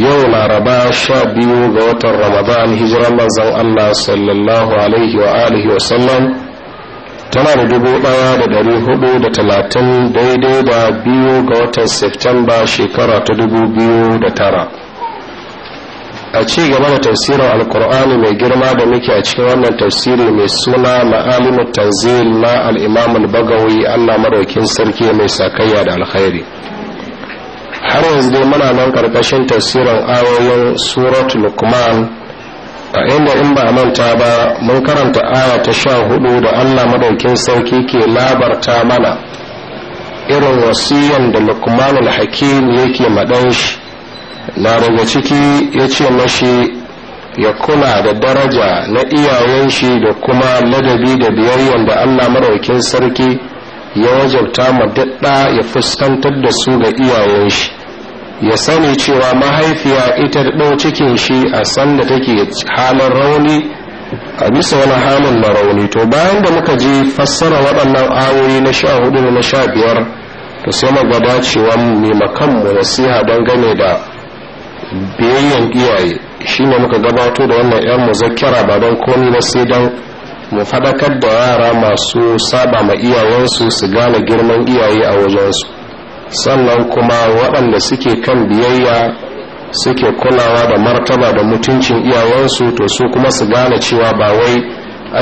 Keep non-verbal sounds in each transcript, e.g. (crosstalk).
yau laraba sha biyu ga watan ramadan hijiran manzan allah sallallahu alaihi wa alihi wa sallam tana da dubu daya da dari hudu da talatin daidai da biyu ga watan septemba shekara ta dubu biyu da tara a ci gaba da tafsirin alkur'ani mai girma da muke a cikin wannan tafsiri mai suna ma'alimin tanzil na al'imam bagawi allah maraukin sarki mai sakayya da alkhairi har yanzu dai muna nan karkashin tafsirin ayoyin surat lukman a inda in ba manta ba mun karanta aya ta sha hudu da allah madaukin sarki ke labarta mana irin wasiyan da lukman hakim yake maɗan shi na daga ciki ya ce mashi ya kula da daraja na iyayen shi da kuma ladabi da biyayyen da allah madaukin sarki ya wajabta ma daɗa ya fuskantar da su ga iyayen shi ya sani cewa mahaifiya ita ɗau cikin shi a sanda take halin rauni a bisa wani halin na rauni to bayan da muka je fassara waɗannan ayoyi na sha hudu da na sha biyar to sai mu ga dacewa mu nasiha don gane da biyayyen iyaye shine muka gabato da wannan 'yan muzakkara ba don komi ba sai don mu fadakar da yara masu saba ma iyayensu su gane girman iyaye a wajensu sannan kuma waɗanda suke kan biyayya suke kulawa da martaba da mutuncin iyayensu to su kuma su gane cewa ba wai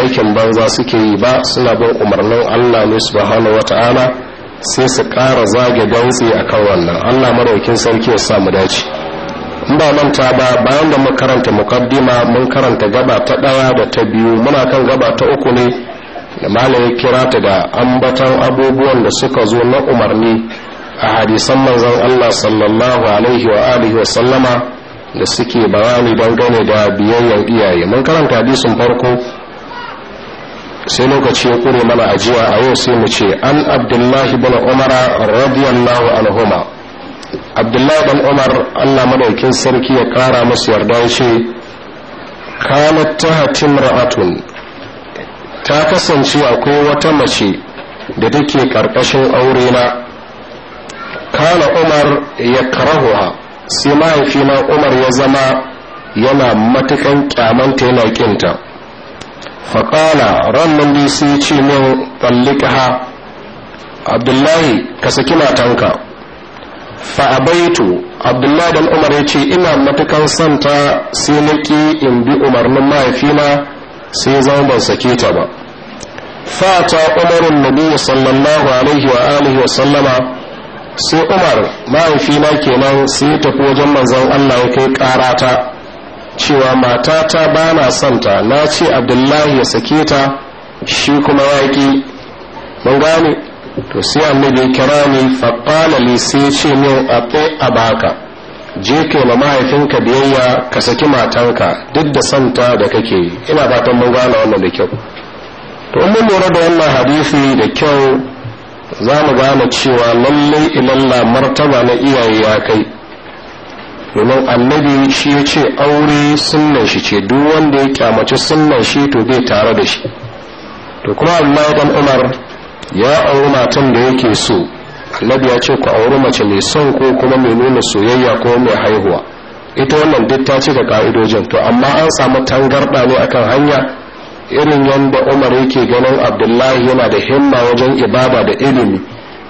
aikin banza suke yi ba suna bin umarnin allah ne subhanahu wata'ala sai su ƙara zage dantse akan wannan allah maraikin sarki ya sa mu dace in ba manta ba bayan da mun karanta mukaddima mun karanta gaba ta ɗaya da ta biyu muna kan gaba ta uku ne da malaye kira ta da ambatan abubuwan da suka zo na umarni a hadisan manzon Allah sallallahu alaihi wa alihi wa sallama da suke bayani dangane da biyayyen iyaye mun karanta hadisin farko sai lokaci ya kure mana ajiya a yau sai mu ce an abdullahi bin umara radiyallahu anhuma abdullahi dan umar allah madaukin sarki ya kara masu yarda ya ce kanat hatim ra'atun ta kasance akwai wata mace da take karkashin aure na kana umar ya karahuha sai mahaifina umar ya zama yana matukan kyamanta yana kinta faƙala rannan da sai ce min tsallika ha abdullahi ka saki matanka fa baitu abdullahi dan umar ya ce ina matukan santa sai nake in bi umarnin mahaifina sai zama ban sake ta ba fata umarin nabi sallallahu alaihi wa alihi wa sallama sai umar mahaifina kenan sai tafi wajen manzon allah ya kai karata cewa matata ba na santa na ce abdullahi ya sake ta shi kuma yaƙi mun gane to sai annabi kira ni qala li sai ce min a a baka je ke ma mahaifinka biyayya ka saki matanka duk da santa da kake ina fatan mun gane wannan da kyau to mun lura da wannan hadisi da kyau za mu gane cewa lallai ilalla martaba na iyaye ya kai domin annabi shi ya ce aure sunnan shi ce duk wanda ya kyamaci sunnan shi to bai tare da shi to kuma Allah dan Umar ya auri matan da yake so annabi ya ce ku auri mace mai son ko kuma mai nuna soyayya ko mai haihuwa ita wannan duk ta ce da ka'idojin to amma an samu tangarɗa ne akan hanya irin yadda umar yake ganin abdullahi yana da himma wajen ibada da ilimi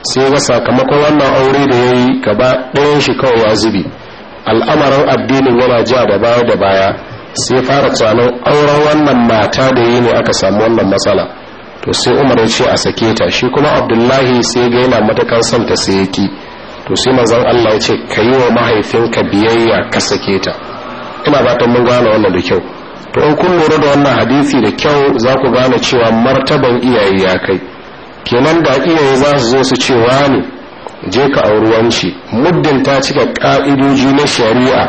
sai ga sakamakon wannan aure da ya yi gaba ɗayan shi kawai ya zubi al'amarin addinin yana ja da baya da baya sai fara tsanin auren wannan mata da yi ne aka samu wannan matsala to sai umar ya ce a sake ta shi kuma abdullahi sai ga yana matakan son ta sai yaki to sai manzon Allah ya ce ka yi wa mahaifinka biyayya ka sake ta ina fatan mun gane wannan da kyau to in kun lura da wannan hadisi da kyau za ku gane cewa martaban iyaye ya kai kenan da iyaye za su zo su ce wani je ka auri wanci muddin ta cika ka'idoji na shari'a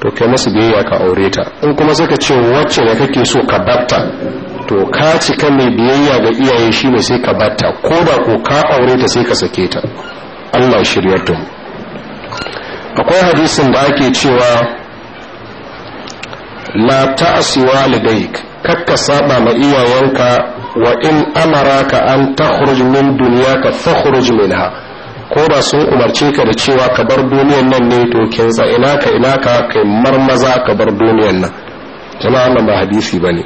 to kai masu biyayya ka aure ta in kuma suka ce wacce da kake so ka batta to ka cika mai biyayya ga iyaye shi ne sai ka batta ko da ko ka aure ta sai ka sake ta Allah shirya ta akwai hadisin da ake cewa la ta'siwa lidaik kakka saba ma iyayenka wa in amara ka an takhruj min dunyaka fakhruj minha ko da sun umarce ka da cewa ka bar duniyan nan ne to kinsa ina ka ina ka kai marmaza ka bar duniyan nan Jama'an wannan ba hadisi bane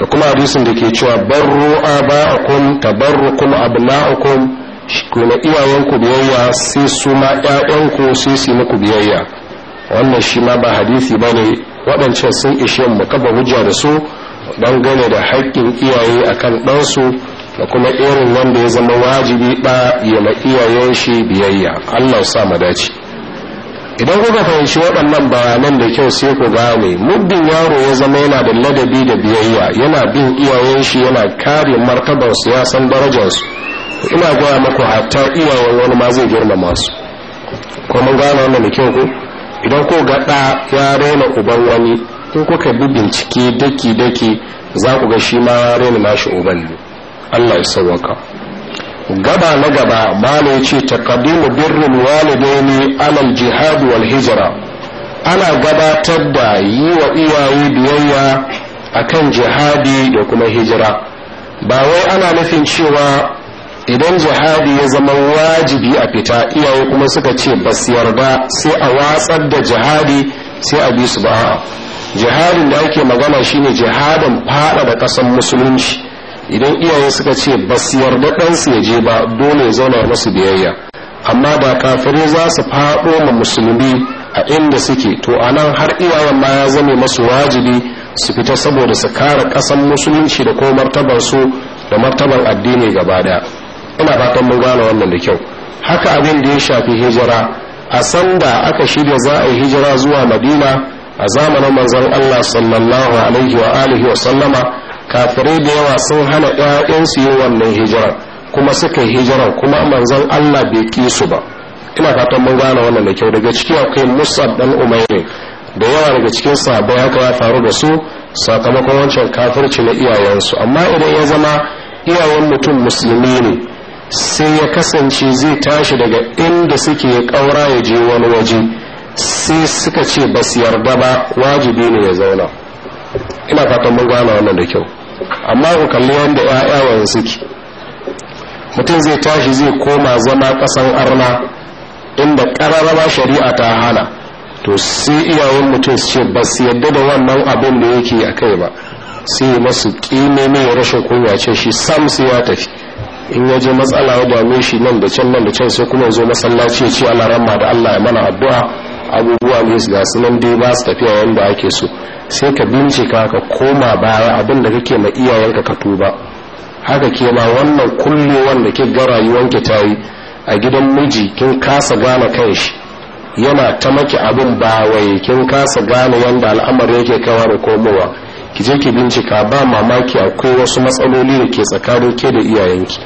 da kuma hadisin da ke cewa barru aba'akum tabarrukum abna'akum kuma iyayenku biyayya sai su ma ƴaƴanku sai su muku biyayya wannan shi ma ba hadisi bane waɗancan sun ishe mu kafa hujja da su dan gane da haƙƙin iyaye akan ɗansu da kuma irin wanda ya zama wajibi ba ya ma iyayen shi biyayya Allah ya sa mu dace idan kuka fahimci waɗannan bayanan da kyau sai ku gane muddin yaro ya zama yana da ladabi da biyayya yana bin iyayen shi yana kare martabar su ya san darajar su ina gaya maku hatta iyayen wani ma zai girmama su ko mun gane wannan da kyau ku. idan ko ga ɗa ya raina uban wani in kuka bi bincike daki daki za ku ga shi ma raina nashi uban ne Allah ya sauwaka gaba na gaba malai ce taqdimu birrul walidaini alal jihad wal hijra ana gabatar da yi wa iyaye biyayya akan jihadi da kuma hijira ba wai ana nufin cewa idan jihadi ya zama wajibi a fita iyaye kuma suka ce ba su yarda sai a watsar da jihadi sai a bi su ba jihadin da ake magana shine jihadin fada da kasan musulunci idan iyaye suka ce ba su yarda ɗansu ya je ba dole ya zauna masu biyayya amma ba kafirai za su faɗo ma musulmi a inda suke to a nan har iyayen ma ya zame masu wajibi su fita saboda su kare ƙasan musulunci da ko martabar su da martabar addini gaba daya ina fatan mun gane wannan da kyau haka abin da ya shafi hijira a san da aka shirya za a yi hijira zuwa madina a zamanin manzon allah sallallahu alaihi wa alihi wa sallama kafirai da yawa sun hana ya'yansu yi wannan hijira kuma suka hijira kuma manzon Allah bai ki su ba ina fatan mun gane wannan da kyau daga ciki akwai musa dan umairi da yawa daga cikin sabai haka ya faru da su sakamakon wancan kafirci na iyayensu amma idan ya zama iyayen mutum musulmi ne sai ya kasance zai tashi daga inda suke ƙaura ya je wani waje sai suka ce ba su yarda ba wajibi ne ya zauna ina fatan mun gane wannan da kyau amma ku kalli wanda ƴaƴa wanda suke mutum zai tashi zai koma zama kasan arna inda kararraba shari'a ta hana to sai iyayen mutum su ce ba su yadda da wannan abin da yake a kai ba sai masu ƙime mai rashin kunya ce shi sam sai ya tafi in ya je matsala ya dame shi nan da can nan da can sai kuma zo masallaci ya ce Allah ramma da Allah ya mana addu'a abubuwa ne ga nan dai ba su tafiya yadda ake so sai ka bincika ka koma baya abin da kake ma iyayenka ka tuba haka ke ma wannan kullu wanda ke ga rayuwanki ta yi a gidan miji kin kasa gane kanshi yana ta maki abin ba wai kin kasa gane yadda al'amari yake kawar da komowa ki je ki bincika ba mamaki akwai wasu matsaloli da ke tsakanin ke da iyayenki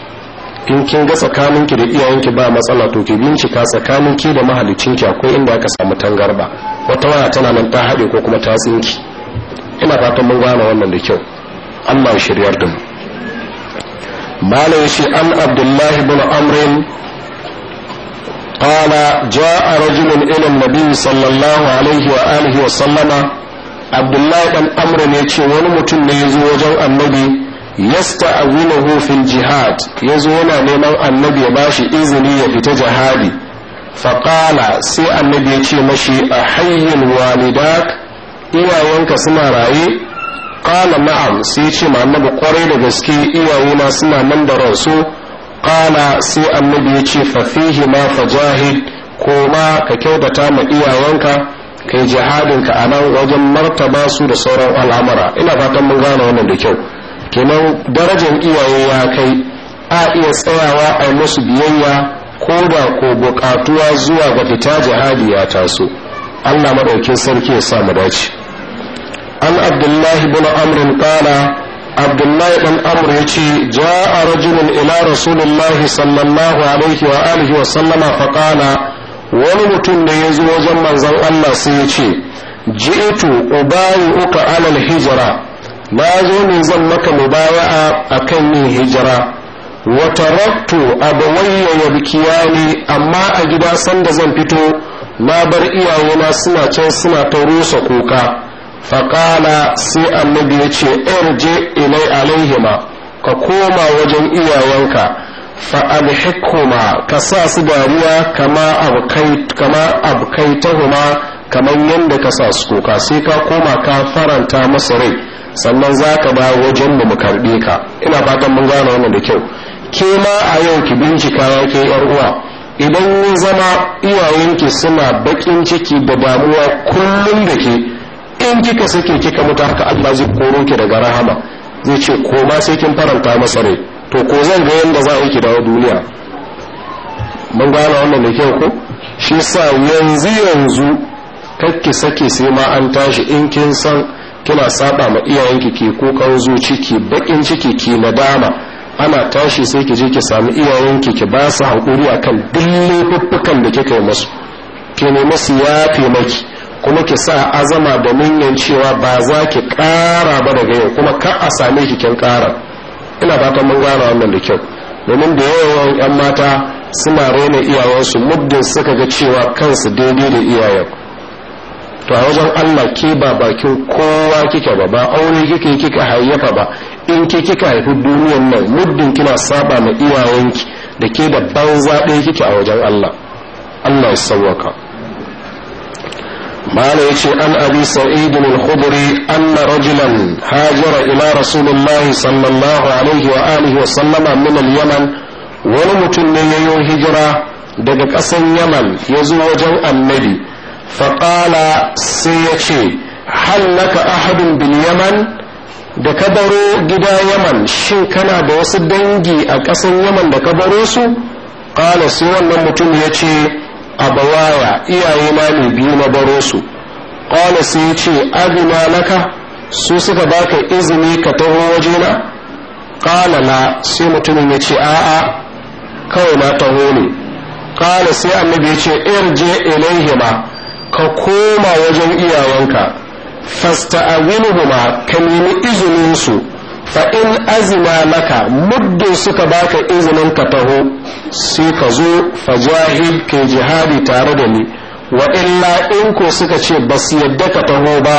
in kin ga tsakanin ki da iyayen ki ba matsala to ki bincika tsakanin ki da mahalicin ki akwai inda aka samu tangarba wata waya tana nan ta haɗe ko kuma ta tsinki ina fatan mun gane wannan da kyau Allah ya shiryar da mu malam shi an abdullahi ibn amr قال جاء رجل إلى النبي صلى الله عليه وآله وسلم عبد الله بن أمر يتشي ونمت wajen النبي yasta'awilahu fil jihad yazo yana neman annabi ya bashi izini ya fita jihadi faqala sai annabi ya ce mashi a walida walidak iyayenka suna raye qala na'am sai ya ce annabi kwarai da gaske iyayena suna nan da ransu qala sai annabi ya ce fa fihi ma fajahid koma ka kyautata ma iyayenka kai jihadinka a nan wajen martaba su da sauran alamara ina fatan mun gane wannan da kyau kenan darajar iyaye ya kai a iya tsayawa a musu biyayya ko da ko bukatuwa zuwa ga fita jihadi ya taso allah maɗaukin sarki ya sa mu dace an abdullahi bin amrin kala abdullahi ɗan amr ya ce ja'a rajulun ila rasulullahi sallallahu alaihi wa alihi wa sallama faƙala wani mutum da ya zo wajen manzon allah sai ya ce ji'itu ubayi uka alal hijira na zo ne zan maka mubaya'a kan yin hijira wata wa taraktu bikiya ne amma a gida sanda zan fito na bar iyayena suna can suna ta rusa kuka faƙala sai annabi ya ce je ilai alaihima ka koma wajen iyayenka alhikuma ka sa su dariya kama abkaitahuma kaman yadda ka sa su kuka sai ka koma ka faranta masu rai sannan za ka ba wajen mu karɓe ka ina fatan mun gane wannan da kyau ke ma a yau ki bincika ya ke yar uwa idan mun zama iyayenki suna bakin ciki da damuwa kullum da ke in kika sake kika mutu haka Allah zai koro ki daga rahama zai ce ko ma sai kin faranta masa rai to ko zan ga yanda za a yi ki dawo duniya mun gane wannan da kyau ko shi sa yanzu yanzu kakki sake sai ma an tashi in kin san kina saba ma iyayenki ke kukan zuci ciki bakin ciki ke nadama ana tashi sai ki je ki samu iyayenki ki ba su haƙuri akan duk laifuffukan da kika yi masu ki nemi su yafe maki kuma ki sa azama da niyyar cewa ba za ki ƙara ba daga yau kuma kar a same ki kin ƙara ina fatan mun gane wannan da kyau domin da yawan 'yan mata suna raina iyayensu muddin suka ga cewa kansu daidai da iyayen to a wajen Allah ke ba bakin kowa kike ba ba aure kike kika hayyafa ba in ke kika haifi duniyar nan muddin kina saba ma iyayenki da ke da banza ɗaya kike a wajen Allah Allah ya sauwaka mala yace an abi sa'id al-khudri anna rajulan hajara ila rasulullahi sallallahu alaihi wa alihi wa sallama min al-yaman wani mutum ne yayo hijira daga ƙasar yaman ya zo wajen annabi faƙala sai ya ce hallaka ahadun bil da ka baro gida yaman shin kana da wasu dangi a ƙasar yaman da ka baro su ƙala sai wannan mutum ya ce abawaya iyaye na ne biyu na baro su ƙala sai ya ce azina laka su suka baka izini ka taho wajena ƙala na sai mutumin ya ce a'a kawai na taho ne ƙala sai annabi ya ce irje ilaihima ka koma wajen iyawanka fasta'awinuhuma ka nemi izinin su fa in azina laka muddin suka baka izinin ka taho sai ka zo fa jahid ke jihadi tare da ni wa illa in ko suka ce ba su yadda ka taho ba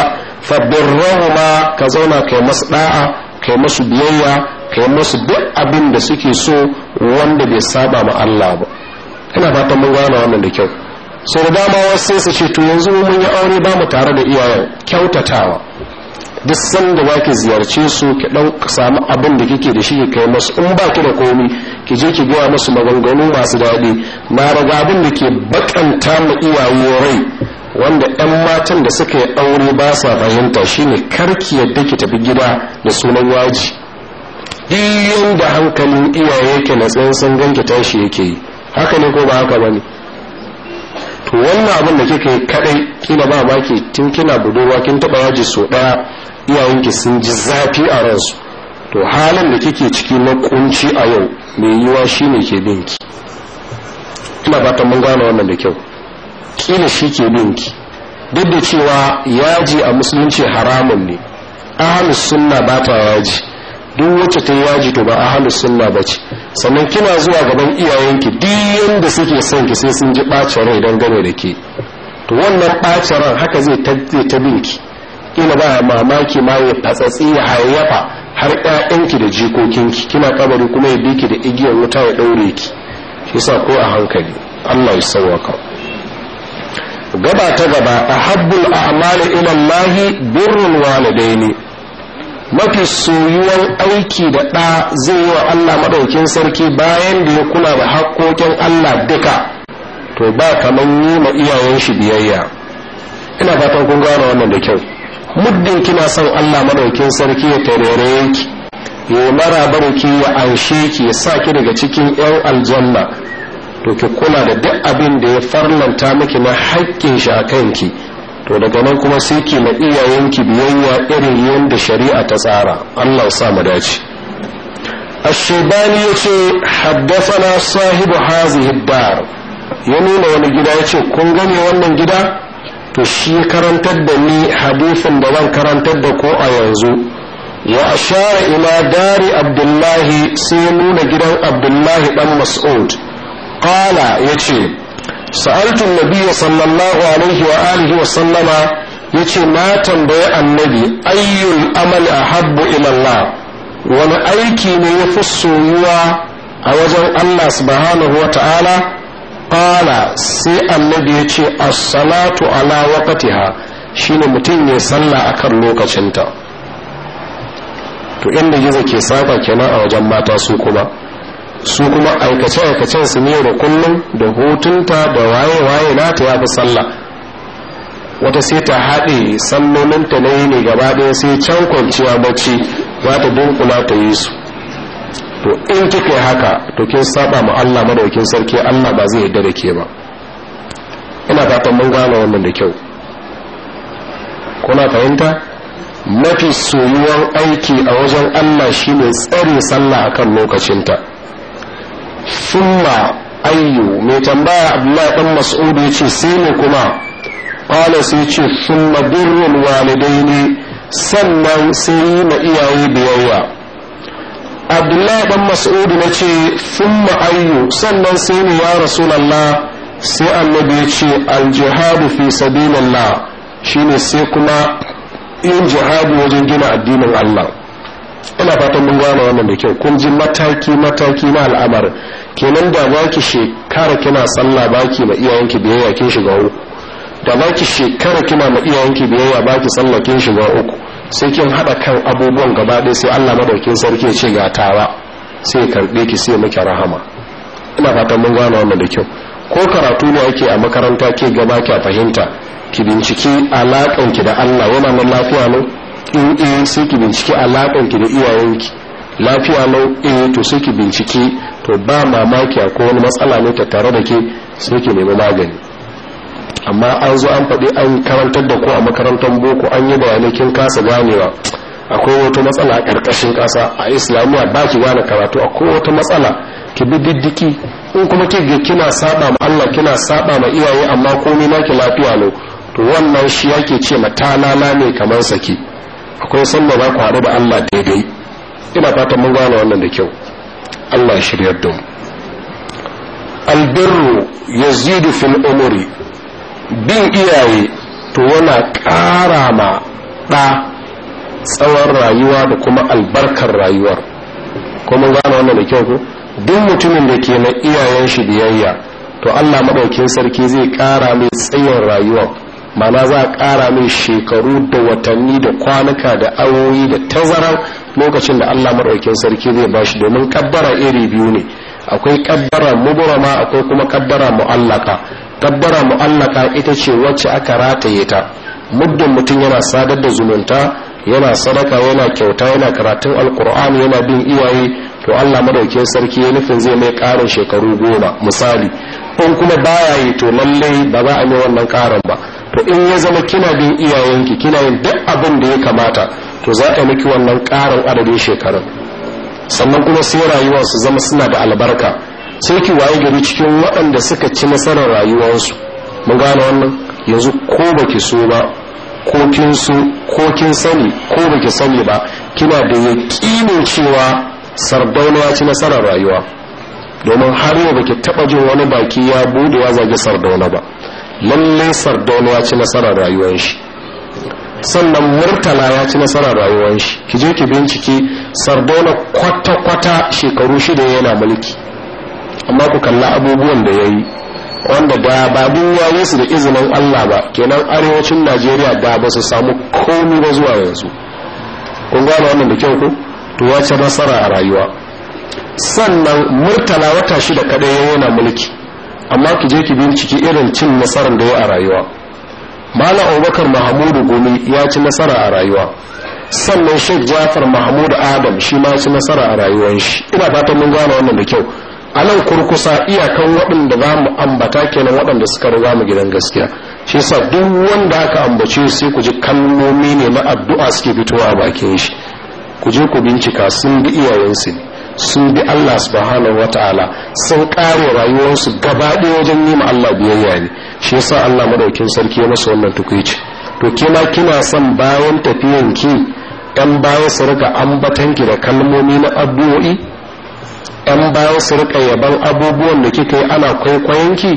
fa birrahuma ka zauna kai masu da'a kai masu biyayya kai masu duk abin da suke so wanda bai saba ma Allah ba ina fatan mun gane wannan da kyau sau da dama wasu sai su ce to yanzu mun yi aure ba mu tare da iyayen kyautatawa duk sanda da ki ziyarce su ki ɗan samu abin da kike da shi ki kai masu in ba ki da komi ki je ki gaya masu maganganu masu daɗi na raga abin da ke bakanta ma iyaye rai wanda 'yan matan da suka yi aure ba sa fahimta shine karki yadda ki tafi gida da sunan waji duk da hankalin iyaye yake na tsayin san ganki tashi yake yi haka ne ko ba haka ba ne to wannan abin da kika yi kadai kina ba baki tun kina budurwa kin taba yaji so daya iyayenki sun ji zafi a ransu to halin da kike ciki na kunci a yau mai yiwa shine ke binki ina fatan mun gane wannan da kyau kila shi ke binki duk da cewa yaji a musulunci haramun ne ahlus sunna ba ta yaji duk wacce ta yaji to ba a halin sunna ce sannan kina zuwa gaban iyayenki duk yadda suke son ki sai sun ji ɓacin rai dan gane da ke to wannan ɓacin ran haka zai ta binki kila ba mamaki ma ya fatsatsi ya hayyafa har ƴaƴanki da jikokinki kina kabari kuma ya biki da igiyar wuta ya ɗaure ki shi sa ko a hankali Allah ya sauwaka gaba ta gaba a ahabbul a'mali ila Allah birrul walidaini mafi soyuwan aiki da ɗa zai yi wa Allah maɗaukin sarki bayan da ya kula da haƙoƙin Allah duka to ba kamar yi ma iyayen shi biyayya ina fatan kun gane wannan da kyau muddin kina son Allah maɗaukin sarki ya tarere ki ya mara barki ya anshe ki ya sa ki daga cikin 'yan aljanna to ki kula da duk abin da ya farlanta miki na haƙƙin shi a kanki to daga nan kuma sai ke na iyayen ki biyayya irin yadda shari'a ta tsara Allah sa mu dace Ashebani ya ce na sahibu hazihi dar ya nuna wani gida ya ce kun gane wannan gida to shi karantar da ni hadisin da zan karantar da ko a yanzu wa ashara ila dari abdullahi sai nuna gidan abdullahi dan mas'ud qala yace ce sa'altu nabiyya sallallahu alaihi wa alihi wa sallama yace na tambaye annabi ayyul amal ahabbu ila Allah wani aiki ne ya fi soyuwa a wajen Allah subhanahu wa ta'ala qala sai annabi yace as-salatu ala waqtiha shine mutum ya sallah akan lokacinta to inda gizo ke saba kenan a wajen mata su kuma su kuma aikace-aikacen su ne da kullum da hutunta da waye-waye nata ya fi sallah wata sai ta haɗe sallolinta na yi ne gaba ɗaya sai can kwanciya bacci za ta dunkula ta yi su to in kika haka to kin saba ma Allah madaukin sarki Allah ba zai yarda ke ba ina fatan mun gane wannan da kyau kuna fahimta mafi soyuwan aiki a wajen Allah shine tsare sallah akan lokacinta summa ayyu mai tambaya abdullahi dan mas'ud yace sai ne kuma qala sai yace summa birrul walidaini sannan sai yi ma iyaye biyayya abdullahi dan mas'ud na ce summa ayyu sannan sai ne ya rasulullah sai annabi yace ce aljihadu fi sabilillah shine sai kuma yin jihadi wajen gina addinin Allah ina fatan mun gane wannan da kyau kun ji mataki mataki na al'amar kenan da ki shekara kina sallah baki ma iyayenki biyayya kin shiga uku da baki shekara kina ma iyayenki biyayya baki sallah kin shiga uku sai kin hada kan abubuwan gaba ɗaya sai Allah madaukin sarki ya ce ga tawa sai ya karbe ki sai miki rahama ina fatan mun gane wannan da kyau ko karatu ne ake a makaranta ke gaba ki fahimta ki binciki alaƙanki da Allah yana nan lafiya ne in eh sai ki bincike alaƙar ki da ki lafiya lau eh to sai ki bincike to ba mamaki ko wani matsala ne ta tare da ke sai ki nemi magani amma an zo an faɗi an karantar da ku a makarantar boko an yi bayanai kin kasa ganewa akwai wata matsala a ƙarƙashin kasa a islamiyya ba ki gane karatu akwai wata matsala ki bi diddiki in kuma ki ga kina saba ma Allah kina saba ma iyaye amma komai naki lafiya lau to wannan shi yake ce ma talala ne kamar saki akwai sanda za ku haɗu da Allah daidai ina fatan mun gane wannan da kyau Allah shiryar da mu albirru yazidu fil umuri bin iyaye to wana ƙara ma ɗa tsawon rayuwa da kuma albarkar rayuwar kuma gane wannan da kyau ko duk mutumin da ke na iyayen shi biyayya to Allah madaukin sarki zai ƙara mai tsayin rayuwa. mana za a kara mai shekaru da watanni da kwanuka da awoyi da tazarar lokacin da allah maɗaukin sarki zai bashi domin kabbara iri biyu ne akwai kabbara muburama akwai kuma kabbara mu'allaka kabbara mu'allaka ita ce wacce aka rataye ta muddin mutum yana sadar da zumunta yana sadaka yana kyauta yana karatun alkur'ani yana bin iwaye to allah maɗaukin sarki ya nufin zai mai karin shekaru goma misali in kuma baya yi to lallai ba za a yi wannan karin ba to in ya zama kina bin iyayenki kina yin duk abin da ya kamata to za a miki wannan karin adadin shekarun sannan kuma sai rayuwa su zama suna da albarka sai ki waye gari cikin waɗanda suka ci nasarar rayuwarsu mun gane wannan yanzu ko baki so ba ko kin so ko kin sani ko baki sani ba kina da yaƙinin cewa sardauna ya ci nasarar rayuwa domin har yau baki taɓa jin wani baki ya bude ya zagi sardauna ba lalle sardauna ya ci nasarar rayuwar shi sannan murtala ya ci nasarar rayuwar shi ki je ki bincike sardauna kwata-kwata shekaru shida yana mulki amma ku kalla abubuwan da ya yi wanda da ba yayi su da izinin allah ba kenan arewacin najeriya da ba su samu komi ba zuwa yanzu kun gane wannan da kyau ku to ya nasara a rayuwa sannan murtala wata shida kadai yana mulki amma ki je ki binciki irin cin nasarar da ya a rayuwa mala abubakar mahamudu gumi ya ci nasara a rayuwa sannan sheikh jafar mahmud adam shi ma ci nasara a rayuwar shi ina fatan mun gane wannan da kyau a nan kurkusa iyakan waɗanda za mu ambata kenan waɗanda suka riga mu gidan gaskiya shi sa duk wanda aka ambace sai ku ji kalmomi ne na addu'a suke fitowa a bakin shi ku je ku bincika sun bi iyayensu ne su bi Allah subhanahu wataala sun kare rayuwarsu gaba ɗaya wajen yi ma Allah biyayya ne shi yasa Allah madaukin sarki ya masa wannan tukuici to kina kina son bayan tafiyan ki ɗan bayan su rika ambatan ki da kalmomi na addu'o'i ɗan bayan su rika yaban abubuwan da kika yi ana kwaikwayon ki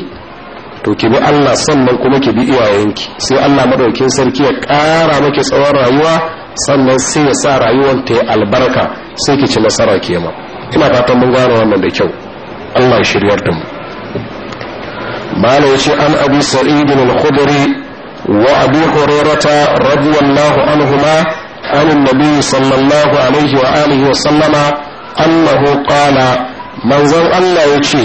to ki bi Allah sannan kuma ki bi iyayenki sai Allah madaukin sarki ya ƙara maki tsawon rayuwa sannan sai ya sa rayuwar ta yi albarka sai ki ci nasara kema. ina fatan mun gane wannan da kyau Allah ya shiryar da mu bala yace an abi sa'id al-khudri wa abu hurairata radiyallahu anhuma an annabi sallallahu alaihi wa alihi wa sallama annahu qala manzon Allah yace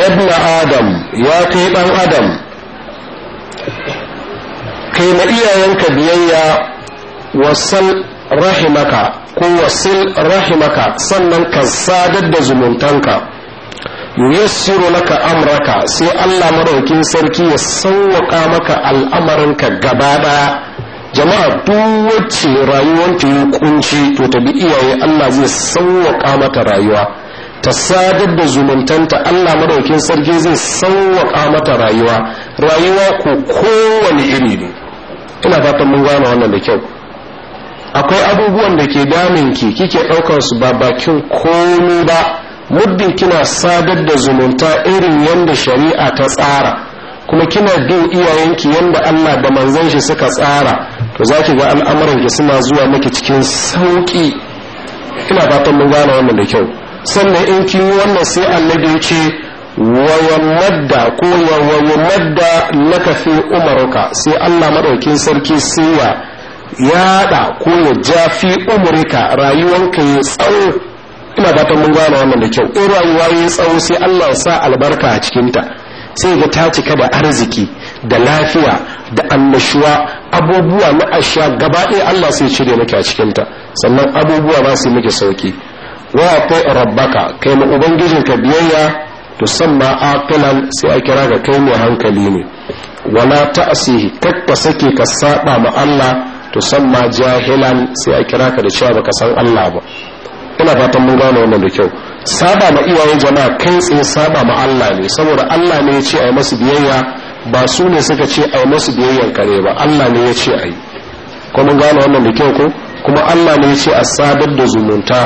yabna adam ya kai dan adam kai na iyayenka biyayya wasal rahimaka ko wasil rahimaka sannan ka sadar da zumuntanka siro laka amraka sai Allah madaukin sarki ya sauwaka maka al'amarinka gaba daya jama'a duk wacce ta yi kunci to ta bi iyaye Allah zai sauwaka mata rayuwa ta sadar da zumuntanta Allah madaukin sarki zai sauwaka mata rayuwa rayuwa ko kowane iri ne ina fatan mun gane wannan da kyau akwai abubuwan da ke damin ki kike ɗaukar su ba bakin komi ba muddin kina sadar da zumunta irin yadda shari'a ta tsara kuma kina bin iyayenki yadda Allah da manzon shi suka tsara to za ki ga al'amuran ki suna zuwa miki cikin sauki ina fatan mun gane wannan da kyau sannan in kin yi wannan sai annabi ya ce wayamadda ko wayamadda laka fi umaruka sai Allah madaukin sarki sai yaɗa ko ya ja fi umurika rayuwanka ya tsawo ina fatan mun gane wannan da kyau in rayuwa ya tsawo sai Allah ya sa albarka a cikinta sai ga ta cika da arziki da lafiya da annashuwa abubuwa na asha gaba ɗaya Allah sai cire maka a cikinta sannan abubuwa ba su miki sauki wa ta rabbaka kai mu ubangijinka biyayya to sanna aqilan sai a kira ga kai mai hankali ne wala ta'sihi kakka ke ka saba ma Allah to san ma jahilan sai a kira ka da cewa baka san Allah ba ina fatan mun gane wannan da kyau saba ma iyaye jama'a kai tsaye saba ma Allah ne saboda Allah ne ya ce a masu biyayya ba su ne suka ce ai masu biyayyan kare ba Allah ne ya ce a ko mun gane wannan da kyau ko kuma Allah ne ya ce a sadar da zumunta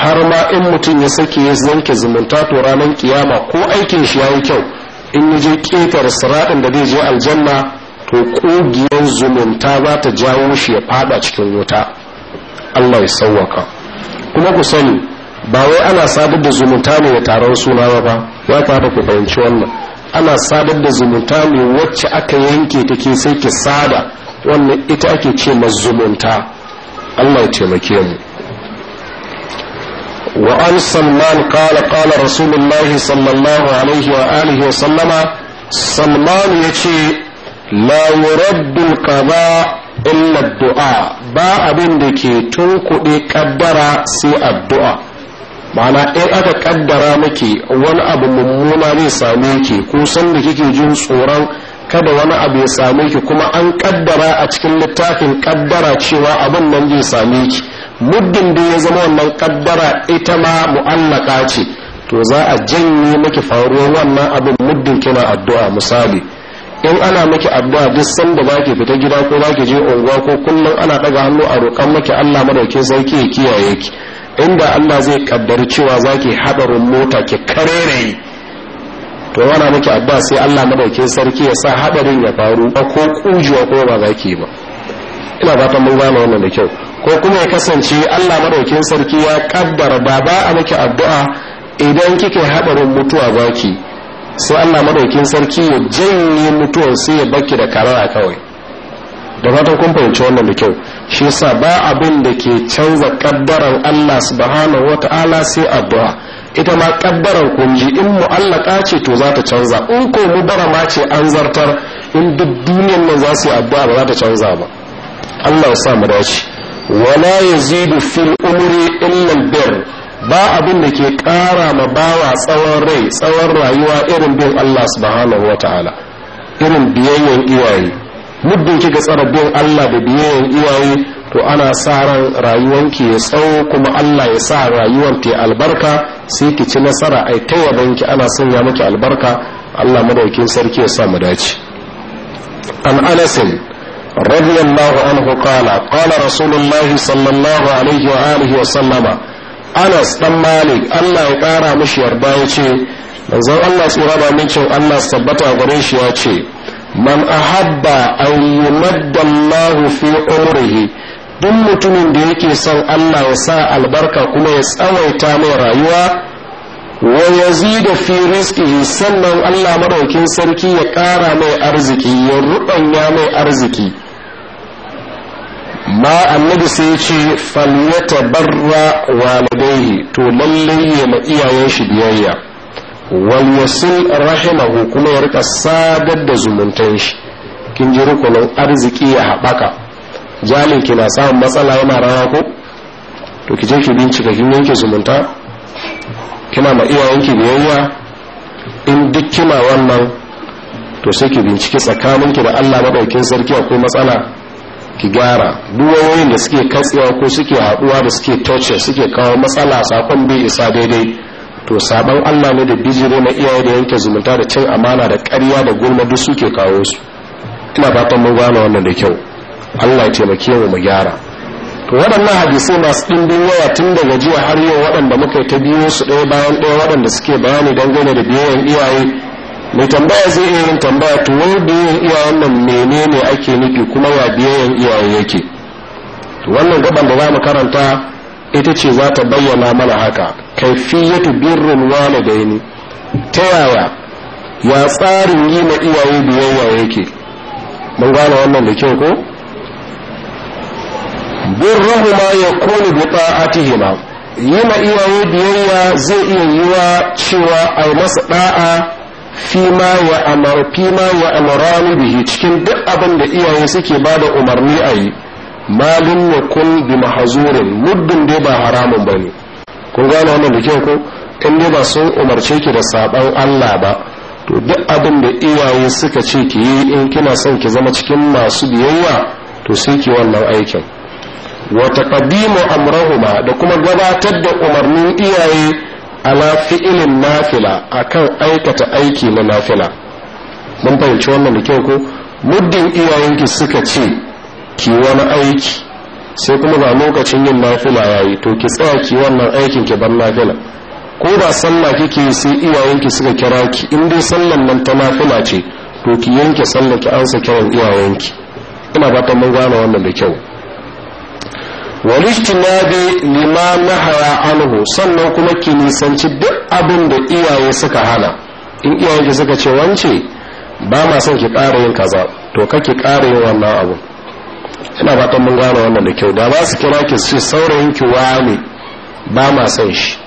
har ma in mutum ya sake ya zanke zumunta to ranar kiyama ko aikin shi yayi kyau in ya je ketar siratin da zai je aljanna to kogiyar zumunta za ta jawo shi ya fada cikin wuta allah ya sauwaka kuma ku sani ba wai ana sadar da zumunta ne ya taron suna ba ya fara ku fahimci wannan ana sadar da zumunta ne wacce aka yanke take sai ki sada wannan ita ake ce zumunta allah ya taimake mu وعن سلمان قال قال رسول الله صلى الله عليه وآله وسلم سلمان يتي la yuraddu qada illa du'a ba abin da ke tunkuɗe kaddara sai addu'a ma'ana in aka kaddara miki wani abu mummuna zai same ki ko san da kike jin tsoron kada wani abu ya same ki kuma an kaddara a cikin littafin kaddara cewa abin nan zai same ki muddin da ya zama wannan kaddara ita ma mu'allaka ce to za a janye miki faruwar wannan abin muddin kina addu'a misali in ana miki addu'a duk sanda zaki fita gida ko zaki je unguwa ko kullum ana daga hannu a roƙan miki Allah madauke sarki ya kiyaye ki inda Allah zai kaddari cewa zaki hadarin mota ki karere to ana miki addu'a sai Allah madauke sarki ya sa hadarin ya faru ko kujuwa ko ba zaki ba ina ta mun gane wannan da kyau ko kuma ya kasance Allah madaukin sarki ya kaddara ba ba a miki addu'a idan kike hadarin mutuwa zaki sai Allah madaukin sarki ya janye mutuwar sai ya baki da karara kawai da fatan kun fahimci wannan da kyau shi yasa ba abin da ke canza kaddaran Allah wata ala sai addu'a ita ma kaddaran kunji in mu'allaka ce to za ta canza in ko ma ce an zartar in duk duniyar nan za su yi addu'a ba za ta canza ba Allah ya sa mu dace wala yazidu fil umri illa al ba abin da ke ƙara ma bawa tsawon rai tsawon rayuwa irin bin Allah subhanahu wa ta'ala irin biyayyen iyaye muddin kiga tsara bin Allah da biyayyen iyaye to ana sa ran rayuwanki ya tsawo kuma Allah ya sa rayuwar ta albarka sai ki ci nasara ai ta ana sanya miki albarka Allah madaukin sarki ya sa mu dace an anasin radiyallahu anhu qala qala rasulullahi sallallahu alaihi wa alihi wa sallama anas dan malik allah ya kara mashi yarda ya ce manzon allah tsura da mincin allah tabbata gare shi ya ce man ahabba an yumadda allah fi umrihi duk mutumin da yake son allah ya sa albarka kuma ya tsawaita mai rayuwa wa yazida fi rizqihi sannan allah madaukin sarki ya kara mai arziki ya rubanya mai arziki ma annabi sai ya ce falyata barra walidaihi to lallai ya ma iyayen shi biyayya wal yasil rahimahu kuma ya rika sadar da zumuntan shi kin ji rukunin arziki ya haɓaka jalin ki na samun matsala yana rawa ko to ki je ki bincika kin yanke zumunta kina ma iyayenki biyayya in duk kina wannan to sai ki binciki tsakaninki da Allah madaukin sarki akwai matsala ki gyara duwayoyin da suke katsewa ko suke haɗuwa da suke toshe suke kawo matsala sakon bai isa daidai to sabon allah ne da bijire na iyaye da yanke zumunta da cin amana da karya da gulma duk suke kawo su ina fatan mun gane wannan da kyau allah ya taimake mu mu gyara to waɗannan hadisai masu ɗimbin waya tun daga jiya har yau waɗanda muka yi ta biyo su ɗaya bayan ɗaya waɗanda suke bayani dangane da biyayen iyaye mai tambaya zai iya yin tambaya to wai biyan iyayen nan menene ake nufi kuma ya biyayen iyaye yake wannan gaban da za mu karanta ita ce za ta bayyana mana haka kaifiyatu birrul walidaini ta yaya ya tsarin yi na iyaye biyayya yake mun gane wannan da kyau ko birruhuma yakunu bi ta'atihima yi na iyaye biyayya zai iya yiwa cewa a masa da'a fima ya amara fima ya amara bihi cikin duk abin da iyaye suke ba da umarni a yi malin ya kun bi mahazurin muddin dai ba haramun ba ne kun gane wannan da kyau ko in dai ba sun umarce ki da saɓan allah ba to duk abin da iyaye suka ce ki yi in kina son ki zama cikin masu biyayya to sai ki wannan aikin wata ƙadimu amrahuma da kuma gabatar da umarnin iyaye ala fi'ilin nafila akan aikata aiki na nafila mun fahimci wannan da kyau ko muddin iyayenki suka ce ki wani aiki sai kuma ba lokacin yin nafila yayi to ki tsaya ki wannan aikin ki bar nafila ko ba sallah kike sai iyayenki suka kira ki in dai sallan nan ta nafila ce to ki yanke sallah ki ansa kiran iyayenki ina fatan mun gane wannan da kyau walistinabi lima nahaya anhu sannan kuma ki nisanci duk abin da iyaye suka hana in iyaye suka ce wance ba ma son ki ƙara yin kaza to ka ki ƙara yin wannan abu ina fatan mun gane wannan da kyau da ba su kira ki su saurayin ki wani ba ma son shi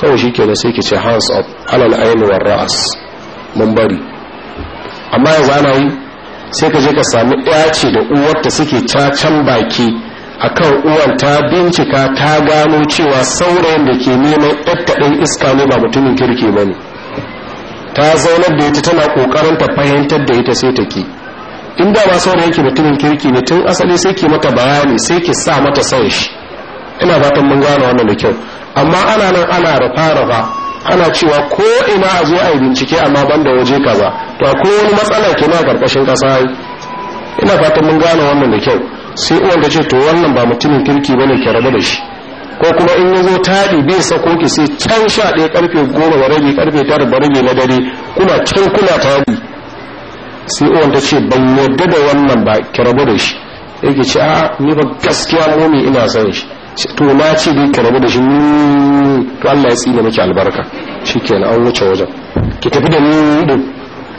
kawai shi ke da sai ki ce hands up alal ainu war ra'as mun bari amma yanzu ana yi sai ka je ka sami ɗaya ce da uwarta suke cacan baki akan uwan ta bincika ta gano cewa saurayin da ke neman ɗatta iska ne ba mutumin kirki ba ne ta zaunar da ita tana ƙoƙarin ta fahimtar da ita sai ta ke inda ba saurayin ki mutumin kirki ne tun asali sai ke mata bayani sai ki sa mata son shi ina fatan mun gano wannan da kyau amma ana nan ana rafa-rafa ana cewa ko ina a zo a yi bincike amma ban da waje kaza to akwai wani matsala ke na karkashin ƙasa ina fatan mun gano wannan da kyau sai uwan ta ce to wannan ba mutumin kirki bane ki rabu da shi ko kuma in ya zo taɗi bai sako ki sai can sha ɗaya karfe goma da rabi karfe tara ba rabi na dare kuna can kuna tadi sai uwan ta ce ban yarda da wannan ba ki rabu da shi yake ce a ni ba gaskiya momi ina san shi to na ce dai ki rabu da shi mm, to Allah ya tsine miki albarka shikenan an wuce wajen ki tafi da ni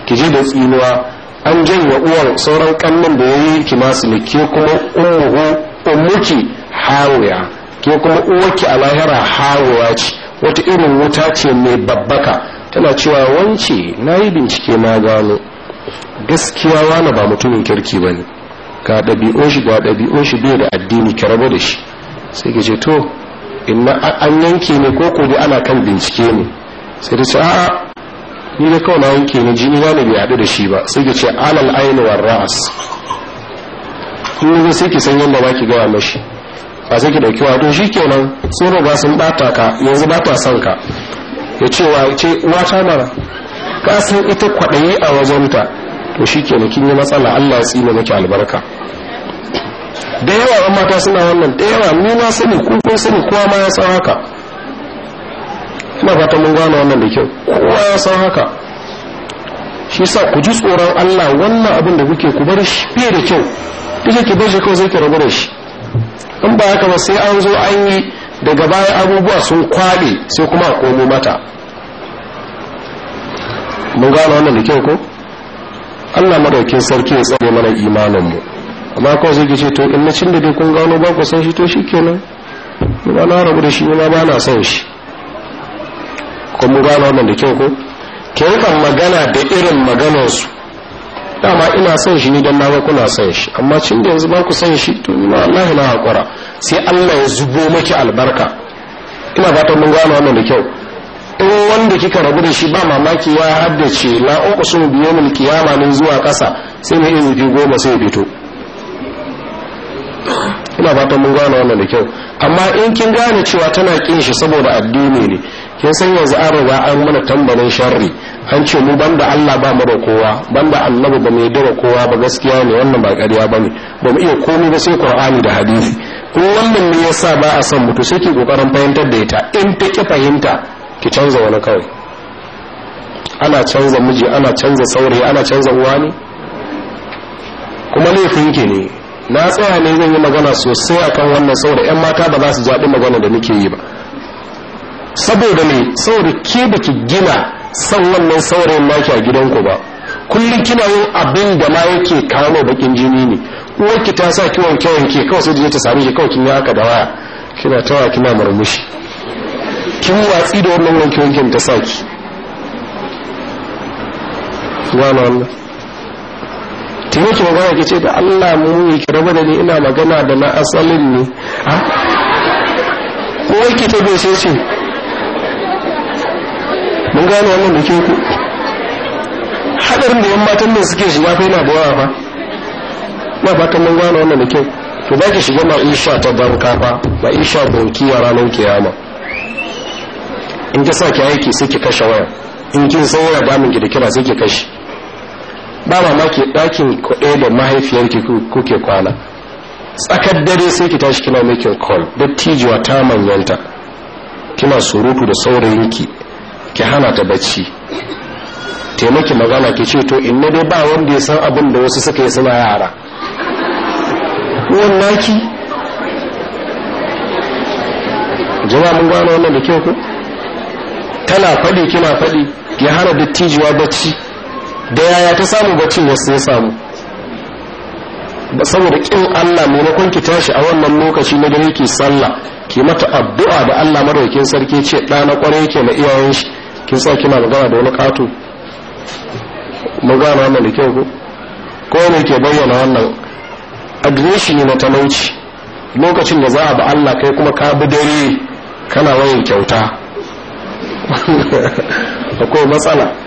ki je da tsinuwa an janye uwar sauran kannan da yayi ki masu ne ke kuma ummuhu ummuki hawaya ke kuma uwarki a lahira hawaya ce wata irin wuta ce mai babbaka tana cewa wance na yi bincike na gano gaskiya wani ba mutumin kirki ba ne ga ɗabi'un shi ga ɗabi'un shi bai da addini ki rabu da shi sai ke to inna an yanke ne ko ko ana kan bincike ne sai da su a'a ni da kawai na ke ni jini ne bai haɗu da shi ba sai ke ce alal ainu wa ra'as in sai ki san yadda ba ki gaya mashi ba sai ki dauki wato shi ke nan sun roba sun bata ka yanzu ba ta son ka ya ce wa ce wata mara ka san ita kwaɗayi a wajenta to shi ke kin yi matsala Allah ya tsine maki albarka da yawa mata suna wannan da yawa ni sani kun kun sani kowa ma ya tsawaka ina fatan mun gane wannan da kyau kowa ya san haka shi sa ku ji tsoron Allah wannan abin da kuke ku bar shi fiye da kyau kike ki bar shi kawai sai ki rabu da shi in ba haka ba sai an zo an yi daga baya abubuwa sun kwale sai kuma a komo mata mun gane wannan da kyau ko Allah madaukin sarki ya tsare mana imaninmu amma kawai zai ce to in na cin da dai kun gano ba ku san shi to shikenan ba na rabu da shi ma ba na san shi ko mun gano wannan da kyau ko ke rika magana da irin maganarsu dama ina son shi ni don na kuna son shi amma cin da yanzu ba ku son shi to ni ma Allah na hakura sai Allah ya zubo maki albarka ina fatan mun gano wannan da kyau in wanda kika rabu da shi ba mamaki ya haddace la uqsimu bi yawmil qiyamah ne zuwa ƙasa sai mai izufi goma sai fito ina fatan mun gane wannan da kyau amma in kin gane cewa tana kin shi saboda addini ne kin san yanzu an riga an mana tambarin sharri an ce mu banda Allah ba mu da kowa banda annabi ba mu yi da kowa ba gaskiya ne wannan ba ƙarya ba ne ba mu iya komai ba sai Qur'ani da hadisi in wannan ne yasa ba a son mutu sai ki kokarin fahimtar da ita in ta ki fahimta ki canza wani kawai ana canza miji ana canza saurayi ana canza uwa ne kuma laifin ki ne na tsaya ne zan yi magana sosai akan wannan saboda 'yan mata ba za su jaɗi magana da muke yi ba saboda ne saboda ke da ki gina san wannan saurayin naki a gidanku ba kullum kina yin abin da ma yake kawo bakin jini ne uwarki ta sa ki wanke wanke kawai sai ta sami ki kawai kin yi haka da waya kina tawa kina murmushi kin watsi da wannan wanke wanken ta saki ke yake magana ke ce da Allah mu ne ki raba da ni ina magana da na asalin ne ha ko yake ta gaishe ce mun gane wannan da ke ku hadarin da yan matan da suke shiga fa yana da yawa ba ba fatan mun gane wannan da ke to ba ki shiga ma'isha ta banka fa ma'isha bonkiya ranar kiyama in ki sa ki aiki sai ki kashe waya in kin san yana ki da kira sai ki kashe ba mamaki ɗakin kuɗe da mahaifiyarki kuke kwana tsakar dare sai ki tashi kina making call dattijuwa ta manyanta kina surutu da saurayinki ki hana ta bacci taimaki magana ki ce to inna dai ba wanda ya san abin da wasu suka yi suna yara wannan ki jama'a mun gano wannan da kyau ku tana faɗi kina faɗi ya hana dattijuwa bacci da yaya ta samu baccin wasu ya samu saboda kin Allah maimakon ki tashi a wannan lokaci na gari ki sallah ki mata addu'a da Allah madaukin sarki ce da na kware yake na iyayen shi kin sa kina magana da wani kato magana wannan da kyau ko ne ke bayyana wannan adireshi ne na talauci lokacin da za a ba Allah kai kuma ka bi dare kana wayan kyauta (laughs) akwai matsala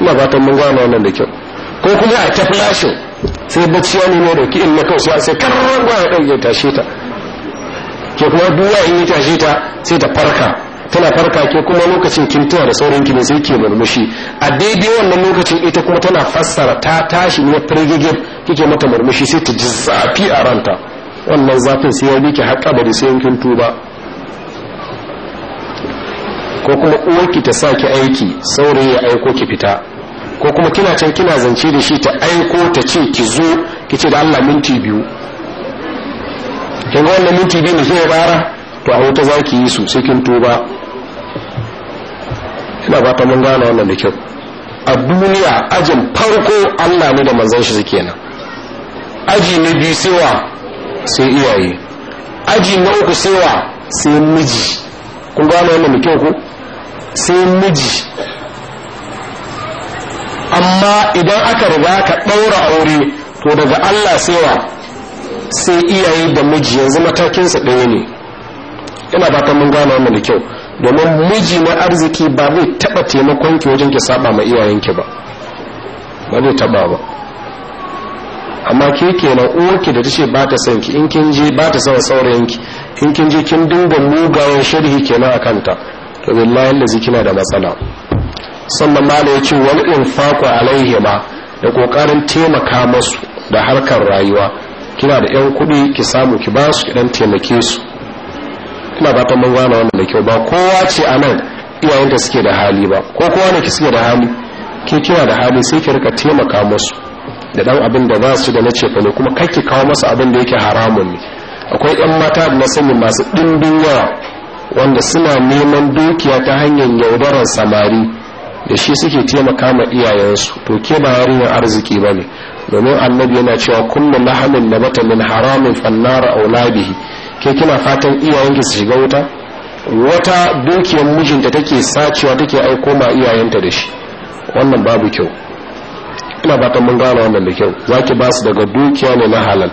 ina fatan mun gano wannan da kyau ko kuma a ta flashin sai bacci ya nemo da ki in na sai sai karrar ba ya ɗauke tashe ta ke kuma duwa in yi tashe ta sai ta farka tana farka ke kuma lokacin kintuwa da sauran ki ne sai ke murmushi a daidai wannan lokacin ita kuma tana fassara ta tashi ne firgigir kike mata murmushi sai ta ji zafi a ranta wannan zafin sai ya bi ki haƙa sai kin tuba ko kuma uwarki ta sa ki aiki saurayi ya aiko ki fita ko kuma kina can kina zance da shi ta aiko ta ce ki zo ki ce da Allah minti biyu kin ga wannan minti biyu ne ke bara to a wuta zaki yi su sai kin tuba ina ba ta mun gane wannan da kyau a duniya ajin farko Allah ne da manzon shi suke nan aji na biyu sai sai iyaye aji na uku sai wa sai miji kun gane wannan da kyau ko sai miji amma idan aka riga ka ɗaura aure to daga allah saiwa sai iyaye da miji yanzu matakinsa ɗaya ne ina ta mun gane wannan da kyau domin miji na arziki ba zai taɓa taimakon ki wajen ki saba ma iyayenki ba ba zai taɓa ba amma ke kenan uwarki da tace ba ta son ki in kin je ba ta son saurayin ki in kin je kin dinga mugayen sharhi kenan akanta to billahi allazi kina da matsala sannan da ya ce wal infaqu ba da kokarin taimaka masu da harkar rayuwa kina da yan kuɗi ki samu ki ba su taimake su ina ba ta mun gane wannan da kyau ba kowa ce anan iyayen da suke da hali ba ko kowa ne ki suke da hali ke kina da hali sai ki rika taimaka musu da dan abin da za su da na cefa ne kuma kake kawo masu abin da yake haramun ne akwai yan mata da na sani masu ɗimbin yawa wanda suna neman dukiya ta hanyar yaudarar samari da shi suke taimaka ma iyayensu to ke ba yarinyar arziki ba ne domin annabi yana cewa kullum lahamin na bata min haramin fannara auladihi ke kina fatan iyayenki su shiga wuta wata dukiyar mijinta take sacewa take aiko ma iyayenta da shi wannan babu kyau ina fatan mun gane wannan da kyau zaki ba su daga dukiya ne na halal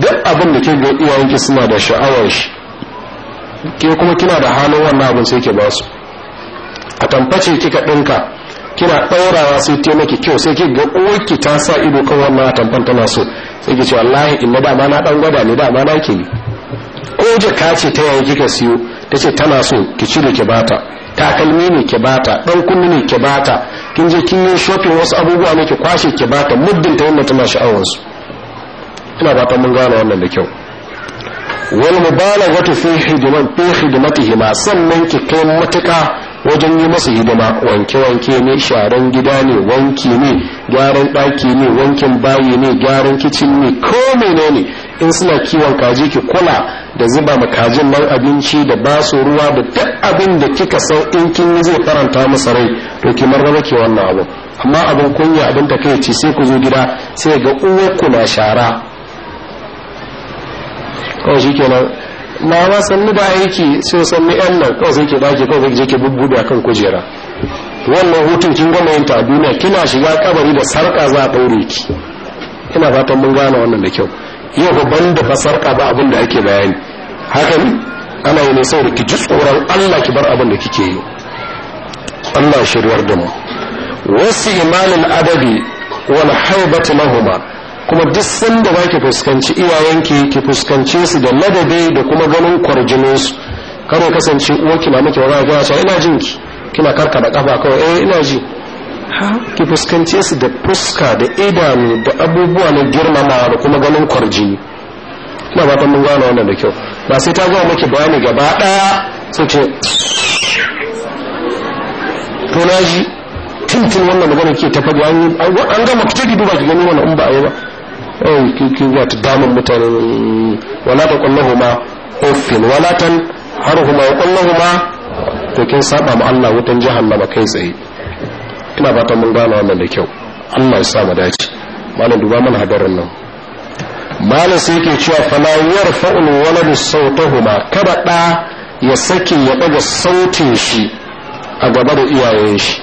duk abin da ke ga iyayenki suna da sha'awar shi ke kuma kina da halin wannan abin sai ke ba su a tamface kika ɗinka kina ɗaurawa sai ta maki kyau sai ki ga uwarki ta sa ido kan wannan tamfan tana so sai ki ce wallahi in na dama na ɗan gwada ne dama na ke yi ko jaka ce ta yaya kika siyo ta ce tana so ki cire ki bata takalmi ne ki bata ɗan kunni ne ki bata kin je kin yi shopping wasu abubuwa ne ki kwashe ki bata muddin ta yadda tana sha'awarsu ina ba ta mun gane wannan da kyau wal mubalaghatu fi hidman hidmatihi ma sannan ki kai matuka wajen yi masa hidima wanke-wanke ne sharan gida ne wanki ne gyaran ɗaki ne wankin bayi ne gyaran kicin ne ko menene in suna kiwon kaji ki kula da zuba ma kajin nan abinci da ba su ruwa da duk abin da kika san in kin yi zai faranta masa rai to ki marraba ki wannan abu amma abin kunya abin da kai ce sai ku zo gida sai ga uwarku na shara kawai shikenan na ma sannu da aiki sai sannu yan nan kawai sai ke kawai zai ke je a kan kujera wannan hutun kin gama yin ta a duniya kina shiga kabari da sarka za a ɗaure ki ina fatan mun gane wannan da kyau yau ba ban da sarƙa ba abin da ake bayani hakan ana yi ne da ki ji tsoron Allah ki bar abin da kike yi Allah shirwar da mu wasu imanin adabi wal haibatu mahuma kuma duk sanda za ki fuskanci iyayenki ki fuskance su da ladabe da kuma ganin kwarjininsu kar ya kasance uwarki na miki wani gina ina jin ki kina karka da kafa kawai eh ina ji ha ki fuskance su da fuska da idanu da abubuwa na girmama da kuma ganin kwarjini ina ba mun gano wannan da kyau ba sai ta gaya miki bayani gaba daya sai ce to na ji tuntun wannan magana ke tafa an gama kice ki duba ki gani wannan in ba a yi ba oh kiki wata damun mutanen wala ta kullahu ma ofin wala tan har huma ya kullahu ma to kin saba ma Allah wutan jahannama kai tsaye ina fata mun gane wannan da kyau Allah ya sa mu dace malam duba mana hadarin nan malam sai yake cewa fala yarfa'ul waladu sautahuma kada da ya saki ya daga sautin shi a gaba da iyayen shi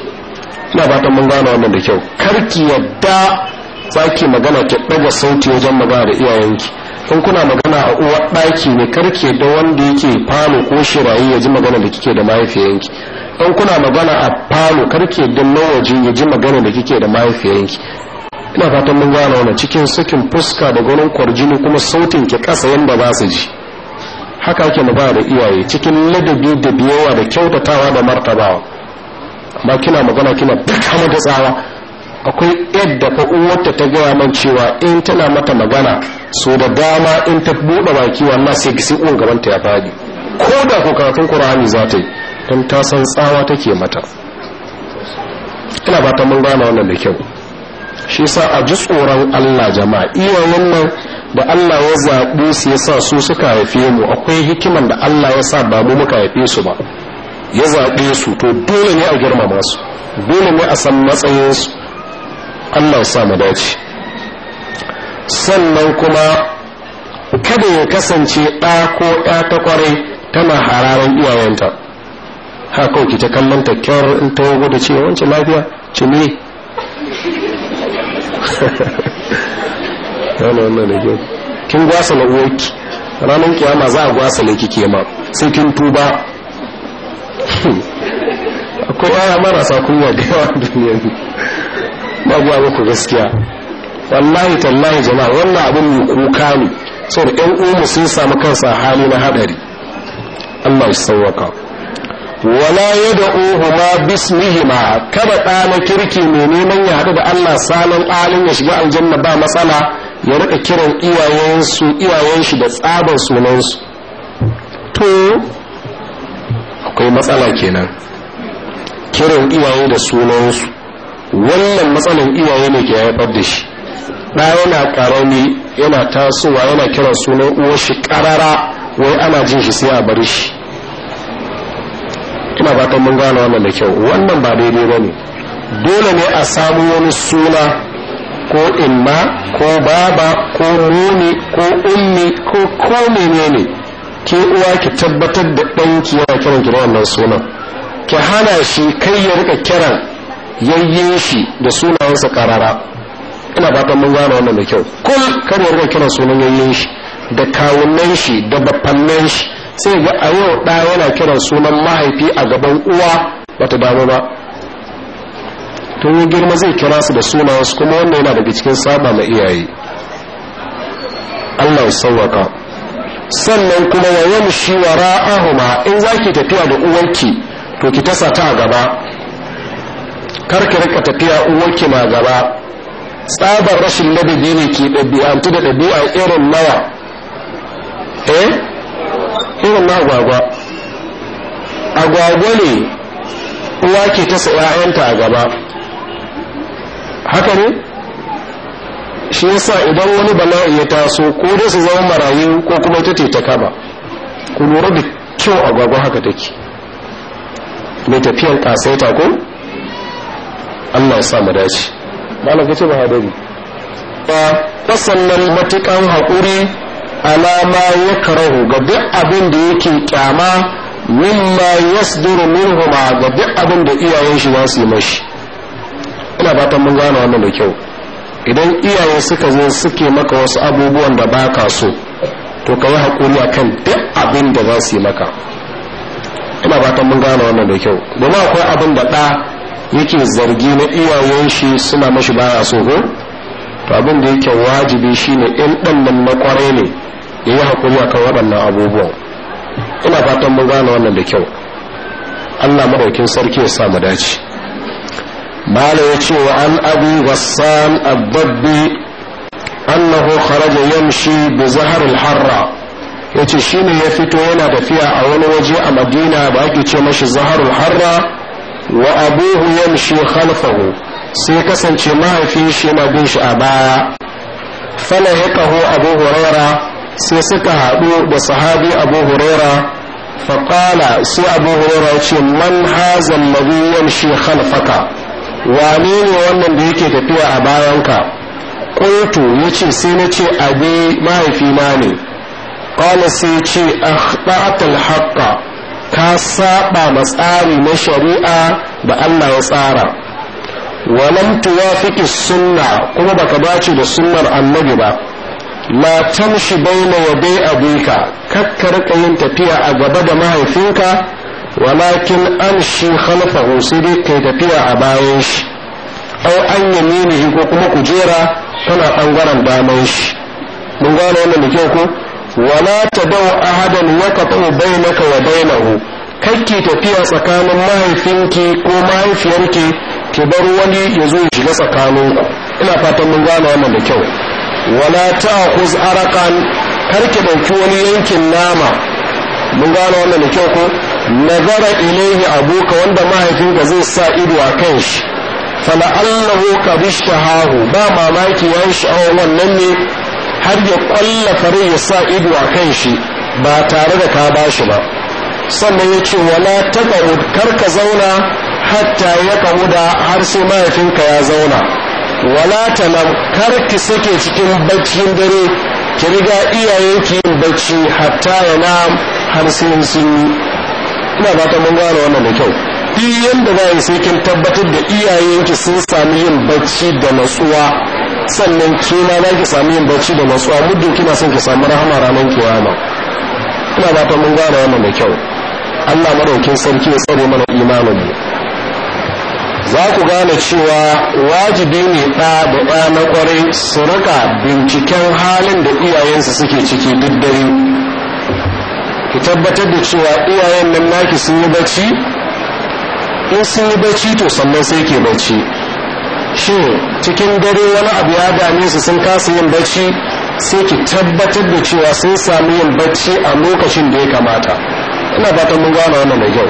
ina fatan mun gane wannan da kyau karki yadda zaki magana ki ɗaga sauti wajen magana da iyayenki in kuna magana a uwa ɗaki ne karke da wanda yake falo ko shirayi ya ji magana da kike da mahaifiyanki in kuna magana a falo karke da mawaje ya ji magana da kike da mahaifiyanki ina fatan mun gane wannan cikin sakin fuska da gwanin kwarjini kuma sautin ki kasa yanda ba su ji haka ake magana da iyaye cikin ladabi da biyawa da kyautatawa da martabawa amma kina magana kina da tsawa akwai yadda fa uwarta ta gaya man cewa in tana mata magana so da dama in ta buɗe baki wannan sai sai uwan gaban ta ya fadi ko da ko karatun qur'ani za ta yi dan ta san tsawa take mata ina ba ta mun gana wannan da kyau shi sa a ji tsoron Allah jama'a iyayen nan da Allah ya zaɓi su ya sa su suka haife mu akwai hikiman da Allah ya sa ba mu muka haife su ba ya zaɓe su to dole ne a girmama su dole ne a san matsayinsu Allah sa mu dace sannan kuma kada ya kasance ɗa ko ɗa ta kwarai tana hararan iyayenta haka kawai ki ta kallon ta kyar in ta wago da cewa wancan lafiya ci me (laughs) kin gwasa na uwarki ranar kiyama za a gwasa ne kike ma sai kin tuba (laughs) akwai aya marasa kunya da yawa duniya ba guwa muku gaskiya wallahi tallahi jama'a wannan abin mai kuka ne saboda yan uwa sun samu kansa hali na hadari Allah ya sauwaka wala yad'uhu ma bismihima kada da na kirki mai neman ya hadu da Allah salon alin ya shiga aljanna ba matsala ya rika kiran iyayensu iyayen shi da tsabar sunansu to akwai matsala kenan kiran iyaye da sunansu wannan matsalar iyaye ne ke haifar da shi ɗa yana ƙarami yana tasowa yana kira sunan uwar shi ƙarara wai ana jin shi sai a bar shi ina fatan mun gane wannan da kyau wannan ba daidai ba ne dole ne a samu wani suna ko imma ko baba ko muni ko ummi ko ko menene ke uwa ki tabbatar da ɗanki yana kiran ki wannan sunan ki hana shi kai ya rika kiran yayyen shi da sunayensa karara ina fatan mun gane wannan da kyau kul kar ya rika kira sunan yayyen shi da kawunan shi da bafannan shi sai ga a yau ɗa yana kiran sunan mahaifi a gaban uwa bata damu ba tun yi girma zai kira su da sunayensu kuma wannan yana daga cikin saba na iyaye allah sauwaka sannan kuma wa yamshi wara'ahuma in zaki tafiya da uwarki to ki tasa ta gaba karka rika tafiya uwarki ma gaba tsabar rashin ladabi ne ke ɗabi'antu da ɗabi'a irin nawa eh irin na agwagwa agwagwa ne uwa ke ta sa 'ya'yanta a gaba haka ne shi yasa idan wani bala'i ya taso ko dai su zama marayu ko kuma ita ce ta kama ku lura da kyau agwagwa haka take mai tafiyan kasaita ko Allah ya sa mu dace malam ce ba hadari fa fasallan matikan haƙuri alama ya karahu ga duk abin da yake kyama mimma yasduru minhuma ga duk abin da iyayen shi za su yi mashi ina fatan mun gano wannan da kyau idan iyaye suka zo suke maka wasu abubuwan da ba ka so to ka yi haƙuri akan duk abin da za su yi maka ina fatan mun gano wannan da kyau domin akwai abin da ɗa yake zargi na iyayen shi suna mashi baya so ko to abin da yake wajibi shine in dan nan na kware ne yayi hakuri akan waɗannan abubuwan ina fatan mun gane wannan da kyau Allah madaukin sarki ya sa mu dace mala yace wa an abi ghassan ad annahu kharaja yamshi bi zahar harra yace shine ya fito yana tafiya a wani waje a Madina ba ake ce mashi zaharul harra wa abuhu yamshi khalfahu sai kasance mahaifin shi yana bin shi a baya fala yaqahu abu huraira sai suka haɗu da sahabi abu huraira faƙala su abu huraira ce man hazan mabu yamshi khalfaka wane ne wannan da yake tafiya a bayanka qultu yace sai na ce abi mahaifina ne qala sai ce akhta'atal haqqa ka saba ma tsari na shari'a da Allah ya tsara walam tuwafiqis sunna kuma baka dace da sunnar annabi ba la tamshi baina yaday abika kakka rika yin tafiya a gaba da mahaifinka walakin amshi khalfahu sai kai tafiya a bayan shi au an yaminihi ko kuma kujera kana bangaren daman shi mun gane wannan da kyau ko wala tadau ahadan yaqta'u bainaka wa bainahu kakki tafiya tsakanin mahaifinki ko mahaifiyarki ki bar wani ya zo ya shiga tsakaninku ina fatan mun gane wannan da kyau wala ta'khuz araqan karki dauki wani yankin nama mun gane wannan da kyau ko nazara ilaihi abuka wanda mahaifinka zai sa ido a kan shi fala'allahu kabishtahu ba mamaki yayin sha'awar wannan ne har ya kwalla fare ya sa ido a kan shi ba tare da ka ba shi ba sannan ya ce wala taɓa kar ka zauna hatta ya kamu da har sai mahaifinka ya zauna wala ta nan kar ki sake cikin baccin dare ki riga iyayenki yin bacci hatta ya na har sai sun yi ina ba mun gane wannan da kyau duk da za sai kin tabbatar da iyayenki sun sami yin bacci da natsuwa sannan kima za ki sami yin bacci da matsuwa muddin kina son ki samu rahama ranar kiyama ina ba ta mun gane yana da kyau Allah maɗaukin sarki ya tsare mana imanin mu za ku gane cewa wajibi ne ɗa da ɗa na ƙwarai su rika binciken halin da iyayensu suke ciki duk dare ki tabbatar da cewa iyayen nan naki sun yi bacci in sun yi bacci to sannan sai ke bacci shin cikin dare wani abu ya dame su sun kasa yin bacci sai ki tabbatar da cewa sun sami yin bacci a lokacin da ya kamata ina fatan mun gane wannan da kyau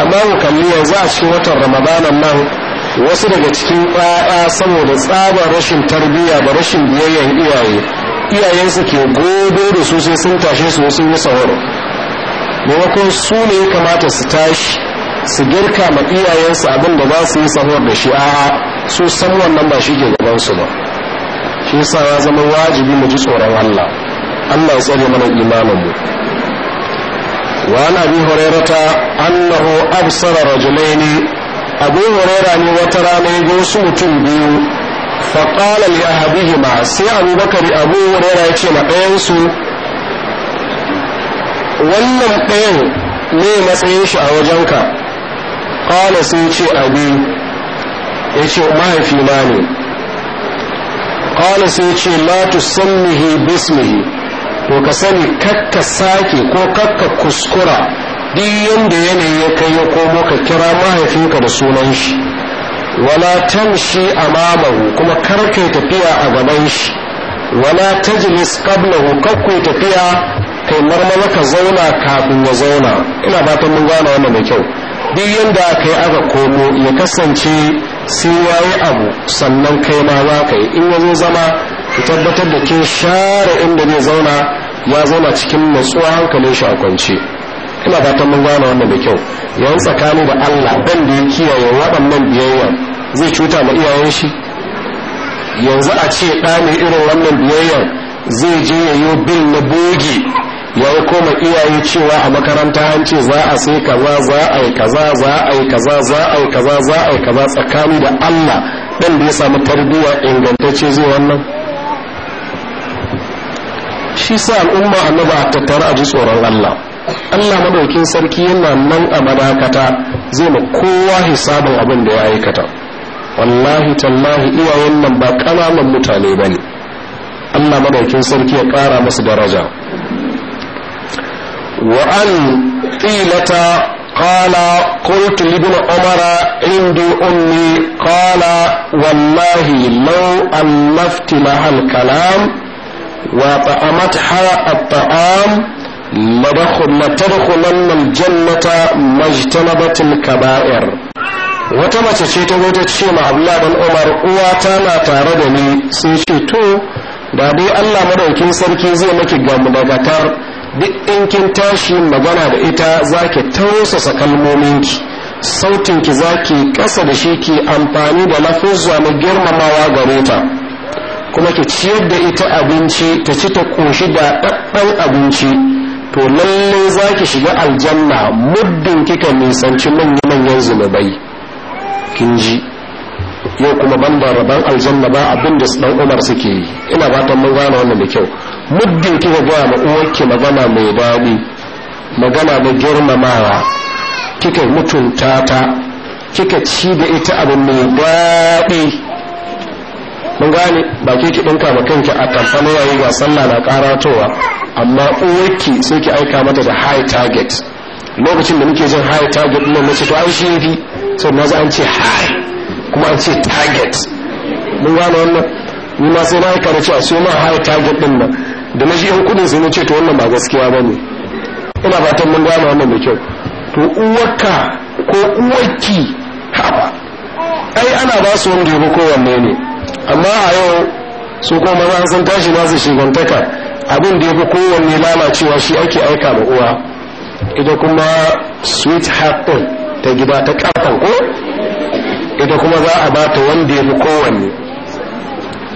amma ku kalli yanzu a cikin watan ramadanan nan wasu daga cikin ƴaƴa saboda tsabar rashin tarbiyya da rashin biyayyan iyaye iyayensu ke gobe da su sai sun tashe su sun yi sahur maimakon su ne ya kamata su tashi su girka ma iyayensu abin da za su yi sahur da shi a'a su san wannan ba shi ke gabansu ba shi sa ya zama wajibi mu ji tsoron Allah Allah ya tsare mana imanin mu wa ana bi hurairata annahu absara rajulaini abu huraira ne wata rana ya ga mutum biyu fa qala li ahadihima sai abubakar abu huraira ya ce ma ɗayan su wannan ɗayan ne matsayin shi a wajenka qala sai ce abi ya ce mahaifina ne ƙala sai ce la tusammihi bismihi to ka sani kakka sake ko kakka kuskura duk yadda yanayi ya kai ya komo ka kira mahaifinka da sunan shi wala tamshi amamahu kuma karka tafiya a gaban shi wala tajlis qablahu kakku tafiya kai marmala ka zauna kafin ya zauna ina ta mun gane wannan da kyau duk yanda aka yi aka komo ya kasance sai ya yi abu sannan kai ma za ka yi in ya zo zama ki tabbatar da kin share inda zai zauna ya zauna cikin natsuwa hankalin shi a kwance ina fatan mun gane wannan da kyau yawan tsakani da Allah ban da ya kiyaye waɗannan biyayya zai cuta ma iyayen shi yanzu a ce ɗa mai irin wannan biyayya zai je ya yi bil na bogi ya koma iyaye cewa a makaranta an ce za a sai kaza za a yi kaza za a yi kaza za a yi kaza za a yi kaza tsakani da Allah dan da ya samu tarbiyya ingantacce zai wannan shi sa al'umma annabi a tattara a ji tsoron Allah Allah maɗaukin sarki yana nan a madakata zai ma kowa hisabin abin da ya aikata wallahi tallahi iyayen nan ba kananan mutane ba ne Allah maɗaukin sarki ya ƙara masu daraja وأن قيلة قال قلت لابن عمر عند أمي قال والله لو ألفت لها الكلام وطعمتها الطعام لتدخلن الجنة ما اجتنبت الكبائر wata mace ce ta zo ta ce ma Abdullah dan Umar uwa na tare da ni sai ce to da dai Allah madaukin sarki zai maki gamu da gatar duk in kin tashi magana da ita zaki tausasa kalmominki sautinki zaki ki ƙasa da shi ki amfani da lafuzza na girmamawa gare ta kuma ki ciyar da ita abinci ta ci ta ƙoshi da ɗaɗɗan abinci to lallai zaki shiga aljanna muddin kika nisanci manya-manyan zunubai kin ji yau kuma ban da rabon aljanna ba abin da su dan umar suke yi ina fatan mun gane wannan da kyau muddin kika gaya ma uwarki magana mai daɗi magana da girmamawa kika mutunta ta kika ci da ita abin mai daɗi mun gane ba ke ki ɗinka ma kanki a kamfanin yayi ga sallah na karatowa amma uwarki sai ki aika mata da high target lokacin da muke jin high target nan na to ai shi fi sai na an ce high kuma an ce target mun gane wannan ni ma sai na aika da cewa su ma high target din nan da na ji yan kudin sai na ce to wannan ba gaskiya ba ne ina fatan mun gane wannan da kyau to uwarka ko uwarki haba ai ana ba su wanda ya kowanne ne amma a yau su kuma maza sun tashi masu shigantaka abin da ya fi kowanne lalacewa shi ake aika da uwa ita kuma sweet heart ta gida ta kafan ko ita kuma za a bata wanda ya fi kowanne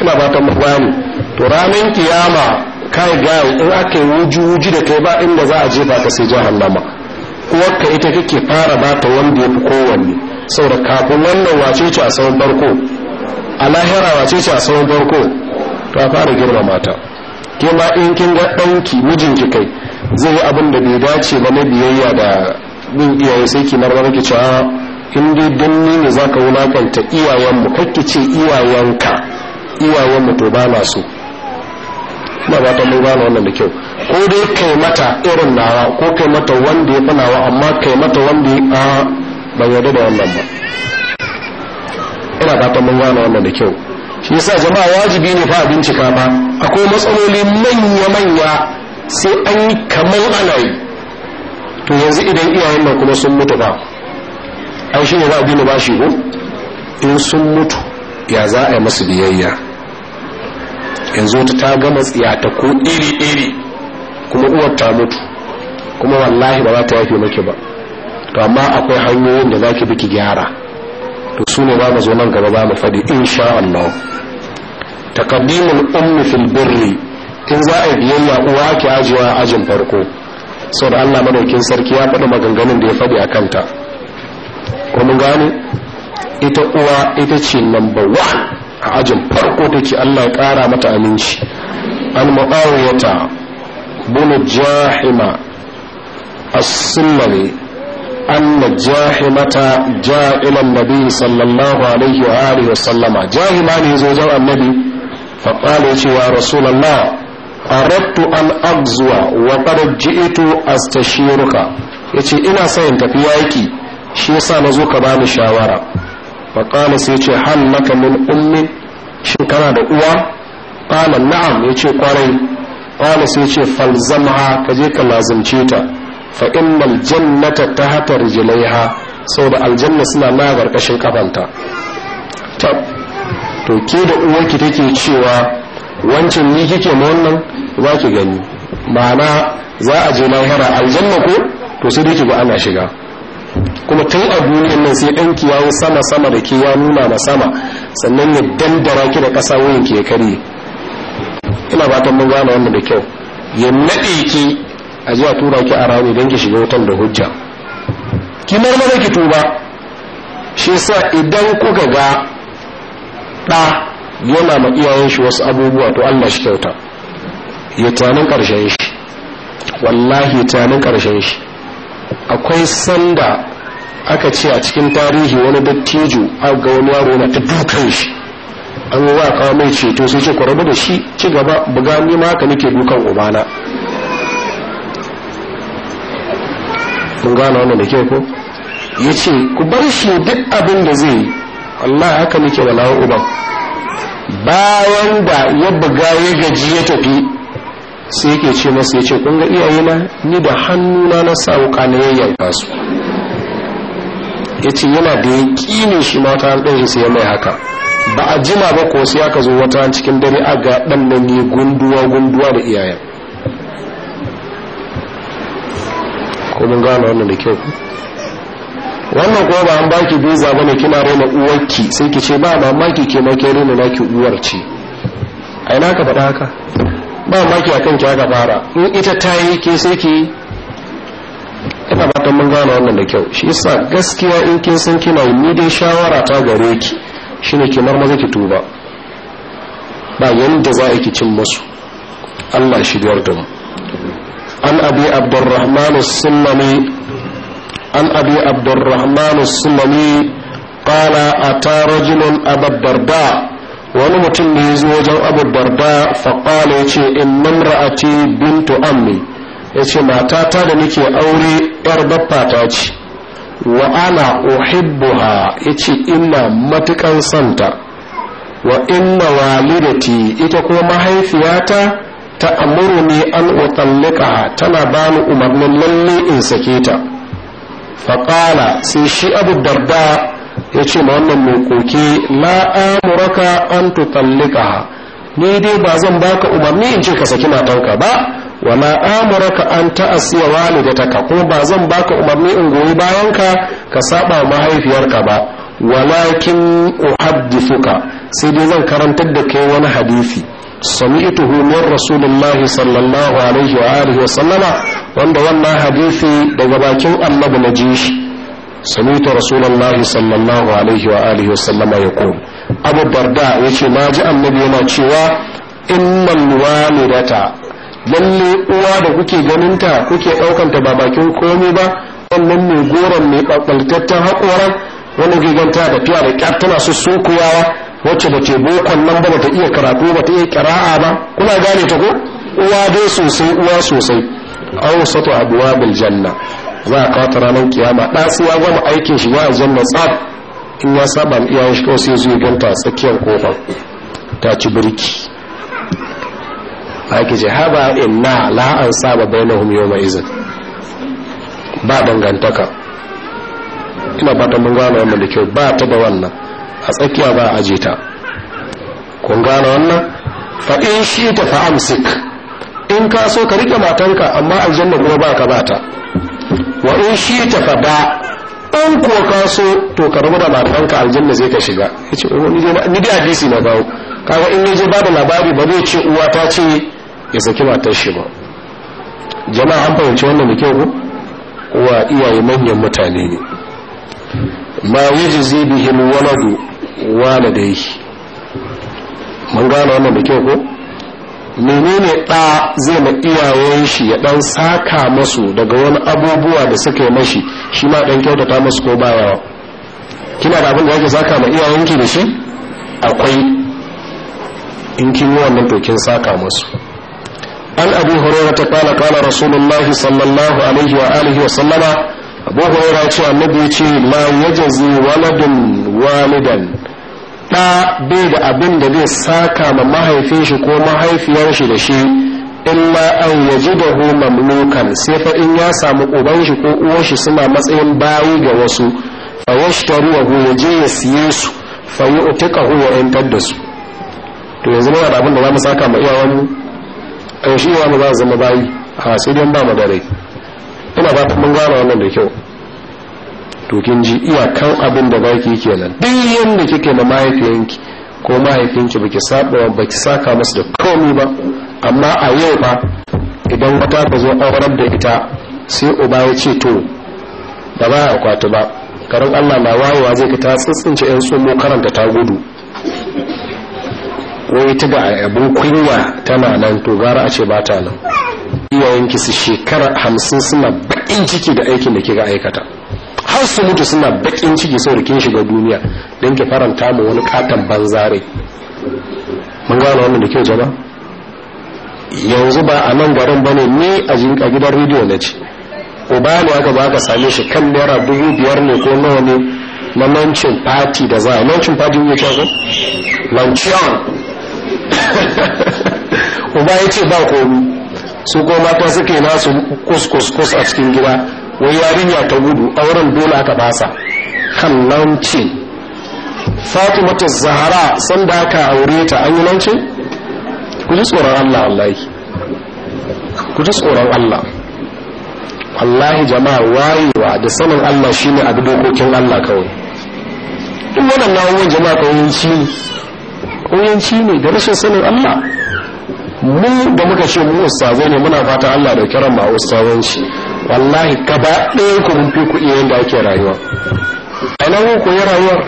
ina bata mafani to ranar kiyama kai gayi in aka yi wuji-wuji da kai ba inda za a je ba ta sai jahannama kuwarka ita kake fara bata wanda ya fi kowanne saboda kafin wannan wace ce a saman farko a lahira wace ce a saman farko ta fara girma mata. ke ma in kin ga ɗanki mijinki kai zai yi abin da bai dace ba na biyayya da bin iyaye sai ki marmar ki cewa in dai don ni ne za ka wulakanta iyayenmu kake ce iyayenka iyayenmu to ba na so ina ba ta mun gane wannan da kyau ko dai kai mata irin nawa ko kai mata wanda ya fi amma kai mata wanda ya a ban yarda da wannan ba ina ba ta mun gane wannan da kyau shi yasa jama'a wajibi ne fa a bincika ba akwai matsaloli manya-manya sai an yi kamar ana yi to yanzu idan iyayen nan kuma sun mutu ba ai shi ne za a dina shi ko in sun mutu ya za a yi masu biyayya yanzu ta ta gama tsiya ta ko iri iri kuma uwar ta mutu kuma wallahi ba za ta yafe maki ba to amma akwai hanyoyin da za ki bi ki gyara to su ne ba mu zo nan gaba za mu faɗi insha Allah taqaddimul ummi fil birri in za a yi biyayya uwa ki ajiwa ajin farko saboda Allah madaukin sarki ya faɗi maganganun da ya faɗi a kanta kuma gane ita uwa ita ce number one a ajin farko ta ce allah ya kara mata aminci an ma'awiyata bunu jahima assimari an na jahimata ja'ilan nabi sallallahu alaihi wa alihi wa sallama jahima ne zo zan annabi faɗaɗa ya ce wa rasulallah arattu an abzuwa wa ji'itu astashiruka ya ce ina sayin tafi yaƙi shi yasa na zo ka bani shawara faƙala sai ce hal maka min ummin shin kana da uwa ƙala na'am ya ce kwarai ƙala sai ce falzamha ka je ka lazimce ta fa innal jannata tahta rijlaiha saboda aljanna suna na garkashin kafanta tab to ke da uwarki take cewa wancan ni kike mu wannan za ki gani ma'ana za a je lahira aljanna ko to sai dai ki ga ana shiga kuma tun a duniyan nan sai ya yi sama sama da ke ya nuna na sama sannan ya dandara ki da ƙasa wurin ke karye ina fatan mun gane wanda da kyau ya naɗe ki a zuwa tura ki a rami don ki shiga wutan da hujja ki marmara ki tuba shi sa idan kuka ga ɗa yana ma iyayen shi wasu abubuwa to Allah shi kyauta ya tanin ƙarshen shi wallahi tanin ƙarshen shi akwai sanda aka ce a cikin tarihi wani dattijo ga wani yaro na ta dukan shi an wa kawo mai ceto sai ce kwararru da shi ci gaba buga ni ma haka nake dukan ubana mun gane wannan da ke ko ya ce ku bar shi duk abin da zai yi Allah haka nake da lawan uban bayan da ya buga ya gaji ya tafi sai yake ce masa ya ce kun ga iyayena ni da hannuna na sa wuka na yayyanka su ya ce yana da ne shi mata an ɗan sai ya mai haka ba a jima ba ko sai aka zo wata cikin dare a ga ɗan nan ne gunduwa gunduwa da iyayen ko mun gane wannan da kyau wannan kuma ba an baki biza ne kina raina uwarki sai ki ce ba mamaki ke ma raina naki uwar ce ai na ka faɗa haka ba maki akan ki aka fara in ita ta yi ke sai ki ina fatan mun gane wannan da kyau shi yasa gaskiya in kin san kina yi ni dai shawara ta gare ki shine ki maza ki tuba ba yanda za ki cin musu Allah shi biyar da mu an abi abdurrahman as-sunnami an abi abdurrahman as qala ata rajulun abad darda wani mutum ne ya zo wajen abu darda faƙala ya ce in namra'ati bintu ammi ya ce matata da nake aure yar baffata ce wa ana uhibbuha ya ce ina matuƙan santa wa inna walidati ita kuma mahaifiyata ta amuru ne an utallika tana bani umarnin lalle in sake ta faƙala sai shi abu darda ya ce ma wannan mai koke la'amuraka an tutallika ni dai ba zan baka umarni in ce ka saki matanka ba wa la'amuraka an ta'asiya walidataka kuma ba zan baka umarni in goyi bayanka ka saba mahaifiyarka ba walakin uhaddithuka sai dai zan karantar da kai wani hadisi sami'tuhu min rasulillahi sallallahu alaihi wa alihi wa sallama wanda wannan hadisi daga bakin annabi na jishi سمعت رسول الله صلى الله عليه وآله وسلم يقول أبو الدرداء يشي ما جاء النبي ما شوى إن الوالدة lalle uwa da kuke ganinta kuke ɗaukanta ba bakin komai ba wannan mai goron mai ɓaɓɓaltattan haƙoran wanda kuke ganta da fiya da ƙyar tana su sunkuyawa wacce ba ke bokon nan ba bata iya karatu ba ta iya ƙira'a ba kuna gane ta ko uwa dai sosai uwa sosai an wasato abuwa bil janna za a kawata ranar kiyama ɗasu ya gama aikin shi ya aljanna tsab in ya saba iyayen shi kawai sai zuwa ganta tsakiyar kofar ta ci birki yake ce haba inna la'an saba bai na bainahum yawma izin ba dangantaka ina fatan mun gane wannan da kyau ba ta da wannan a tsakiya ba a aje ta kun gane wannan fa in shi ta fa in ka so ka rike matanka amma aljanna kuma ba ka bata wa in shi ta fada in kuwa ka so to ka rabu da matanka aljanna zai ka shiga yace oh, ni dai ni dai hadisi na bawo kaga in je ba da labari ba zai ce uwa ta ce ya saki matar shi ba jama'a an fahimci wannan da kyau ko wa iyaye manyan mutane ne ma zai bihim waladu waladai mun gane wannan da kyau ko menene ɗa zai na iyayen shi ya ɗan saka masu daga wani abubuwa da suka yi mashi shi ma ɗan kyautata masu ko bayawa kina da abin da yake saka ma ki da shi akwai in kin yi wannan dokin saka masu an abu hurairah ta kala kala rasulullah sallallahu alaihi wa alihi wa sallama abu ya ce annabi ce la yajazi waladun walidan ɗa bai da abin da zai saka ma mahaifin shi ko mahaifiyar shi da shi in ma an yaji da hu mamlukan sai fa in ya samu uban shi ko uwar shi suna matsayin bayi ga wasu fa yashtaru wa ya ya siye su fa yi hu wa su to yanzu muna abin da za mu saka ma iyawan a yaushe mu za zama bayi a sai dai ba mu da ina ba mun gano wannan da kyau to kin ji iyakan abin da baki kenan duk yanda kike da mahaifiyanki ko mahaifinki baki saba baki saka masa da komai ba amma a yau ba idan wata ta zo aurar da ita sai uba ya ce to da ba ya kwatu ba karin Allah na wayewa zai ka ta tsintsince yan mu karanta ta gudu wai ta ga abin kunya tana nan to gara a ce ba ta nan iyayenki su shekara hamsin suna baƙin ciki da aikin da kika aikata har su mutu suna bakin ciki sau rikin kin shiga duniya don ki faranta mu wani katon banzare mun gano wannan da kyau jama yanzu ba a nan garin bane ni a jinka gidan rediyo na ce uba ne aka ba ka same shi kan naira dubu biyar ne ko nawa ne na lancin fati da za a lancin fati ne ce ko lanciyon (laughs) uba ya ce ba komi su koma ta suke nasu kuskus a cikin gida wai yarinya ta gudu auren dole aka basa kan launci fatima ta zahara sanda aka aure ta an yi launci ku ji tsoron allah allahi ku ji tsoron allah wallahi jama'a wayewa da sanin allah shi ne abu dokokin allah kawai duk wadannan abubuwan jama'a kawai yanci ne da rashin sanin allah mu da muka ce mu ustazai ne muna fata Allah da kiran ma ustazan shi wallahi gaba ɗaya ku mun fi kuɗi yadda ake rayuwa a nan ku yi rayuwar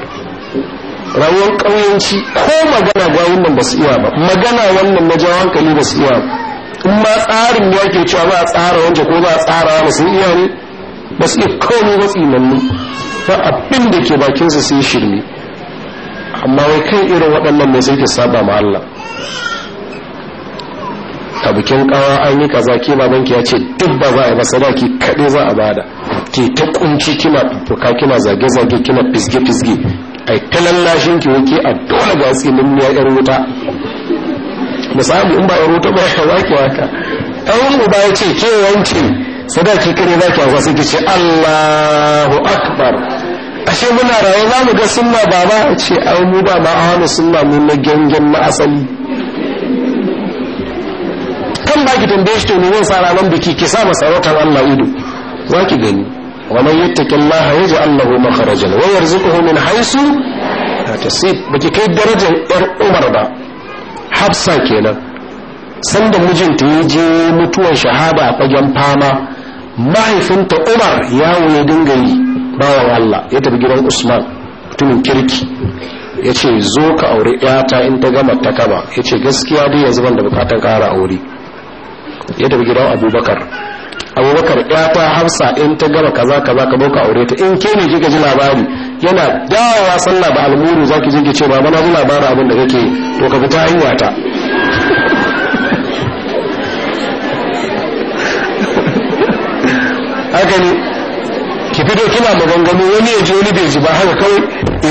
rayuwar ƙauyenci ko magana ga wannan ba su iya ba magana wannan na jawon hankali ba su iya ba in ma tsarin ya ke cewa ba a tsara wancan ko ba a tsara ba sun iya ne ba su iya komai ba tsinanni ba abin da ke bakinsa sai shirme amma wai kai irin waɗannan ne sai ke saba ma Allah a bikin kawa an yi kaza ke babanki ya ce duk ba za a yi ba sadaki kaɗe za a bada ke ta kunci kina fuka kina zage-zage kina fisge-fisge ai ta lallashin ki wuke a dole ga tsinin ya yar wuta misali in ba yar wuta ba ya (laughs) zaki waka. ɗan ba ya ce ke wance sadaki kare za hauka wasu ki ce allahu akbar ashe muna raye za mu ga sunna baba ce a mu da ma a wani sunna mu na gangan na asali kan ba ki tambaye shi to ne zai sa ranar biki ki sa masarautar Allah ido za ki gani yattaki Allah yaj'al lahu له wa yarzuquhu min haythu la tasib baki kai darajar yar Umar ba Hafsa kenan sanda mijinta ya je mutuwar shahada a fagen fama mahaifinta Umar yawo ya dinga yi bawan Allah ya tafi gidan Usman mutumin kirki ya ce zo ka aure yata in ta gama ta kama ya gaskiya dai yanzu ban da bukatan kara aure ya da gidan abubakar abubakar ya ta hamsa in ta gama kaza kaza ka boka aure ta in ke ne kika ji labari yana dawowa sallah da almuru zaki ji ki ce ba mana ji labarin abin da kake to ka fita hanya ta (laughs) haka ne ki fito kina maganganu wani ya ji wani bai ji ba haka kawai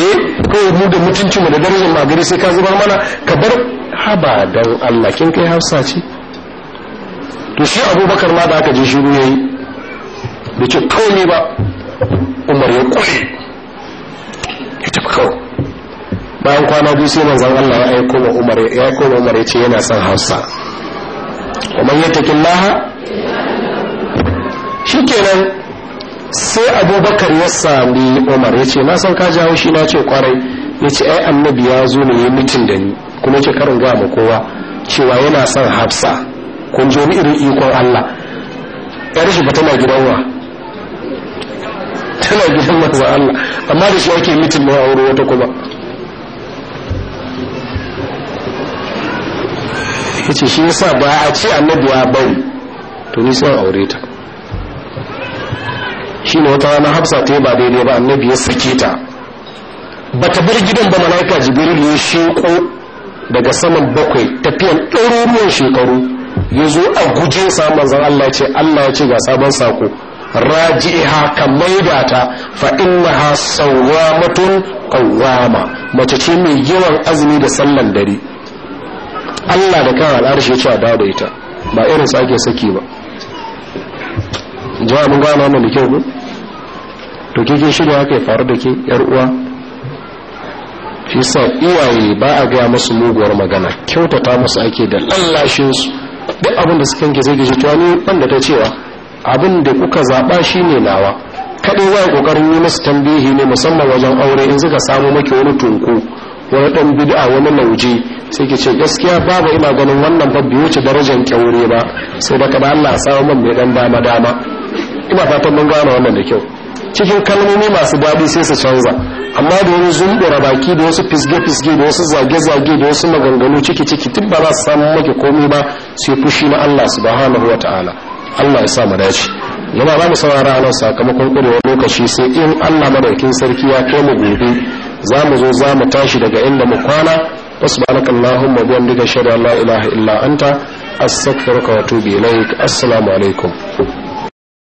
eh kawai mu da mutuncinmu da darajar magari sai ka zuba mana ka bar haba don allah kin kai hausa ce to shi abubakar ma da aka je shiru ya yi da ce kawai ba umar ya kure ya tafi kawai bayan kwana biyu sai manzan allah ya aiko ma umar ya aiko ma umar ya ce yana son hausa kuma ya tafi laha shi kenan sai abubakar ya sami umar ya ce na san ka jawo shi na ce kwarai ya ce ai annabi ya zo ne ya mutum da ni kuma ce karin gama kowa cewa yana son hafsa kun ji wani irin ikon Allah ya rashi ba tana gidan wa tana gidan manzo Allah amma da shi ake mitin mai aure wata kuma yace shi yasa ba a ce annabi ya bari to ni sai aure ta shi ne wata rana hafsa ta yi ba daidai ba annabi ya sake ta ba ta bar gidan ba malaika jibril ya sheko daga saman bakwai tafiyan ɗaruruwan shekaru ya zo a guje sa manzan Allah ce Allah ya ce ga sabon sako raji'iha ka maida ta fa ha sawwamatun qawwama mace ce mai yawan azumi da sallan dare Allah da kan al'arshi ya ce a dawo da ita ba irin sake saki ba jama'a mun gano wannan kyau ne. to kike shirya haka faru da ke yar uwa shi sa iyaye ba a gaya musu muguwar magana kyautata musu ake da lallashin su duk abin da suka zai zai ki to ni ban da ta cewa abin da kuka zaɓa ne nawa kaɗai waya kokarin ƙoƙarin yi masa tambihi ne musamman wajen aure in suka samu maki wani tunku wani dan bid'a wani lauje sai ki ce gaskiya babu ina ganin wannan ba bai wuce darajar kyaure ba sai da kada Allah ya samu mun mai dan dama dama ina fatan mun gane wannan da kyau cikin kalmomi masu daɗi sai su canza amma da wani zumbura baki da wasu fisge-fisge da wasu zage-zage da wasu maganganu ciki-ciki tun ba za su samu maki komai ba sai fushi na Allah su subhanahu wa ta'ala Allah ya sa mu dace yana ba mu saurara nan sakamakon kudewa lokaci sai in Allah madaukin sarki ya kai mu gobe za mu zo za mu tashi daga inda mu kwana وسبحانك اللهم وبحمدك اشهد ان لا اله الا انت استغفرك واتوب اليك السلام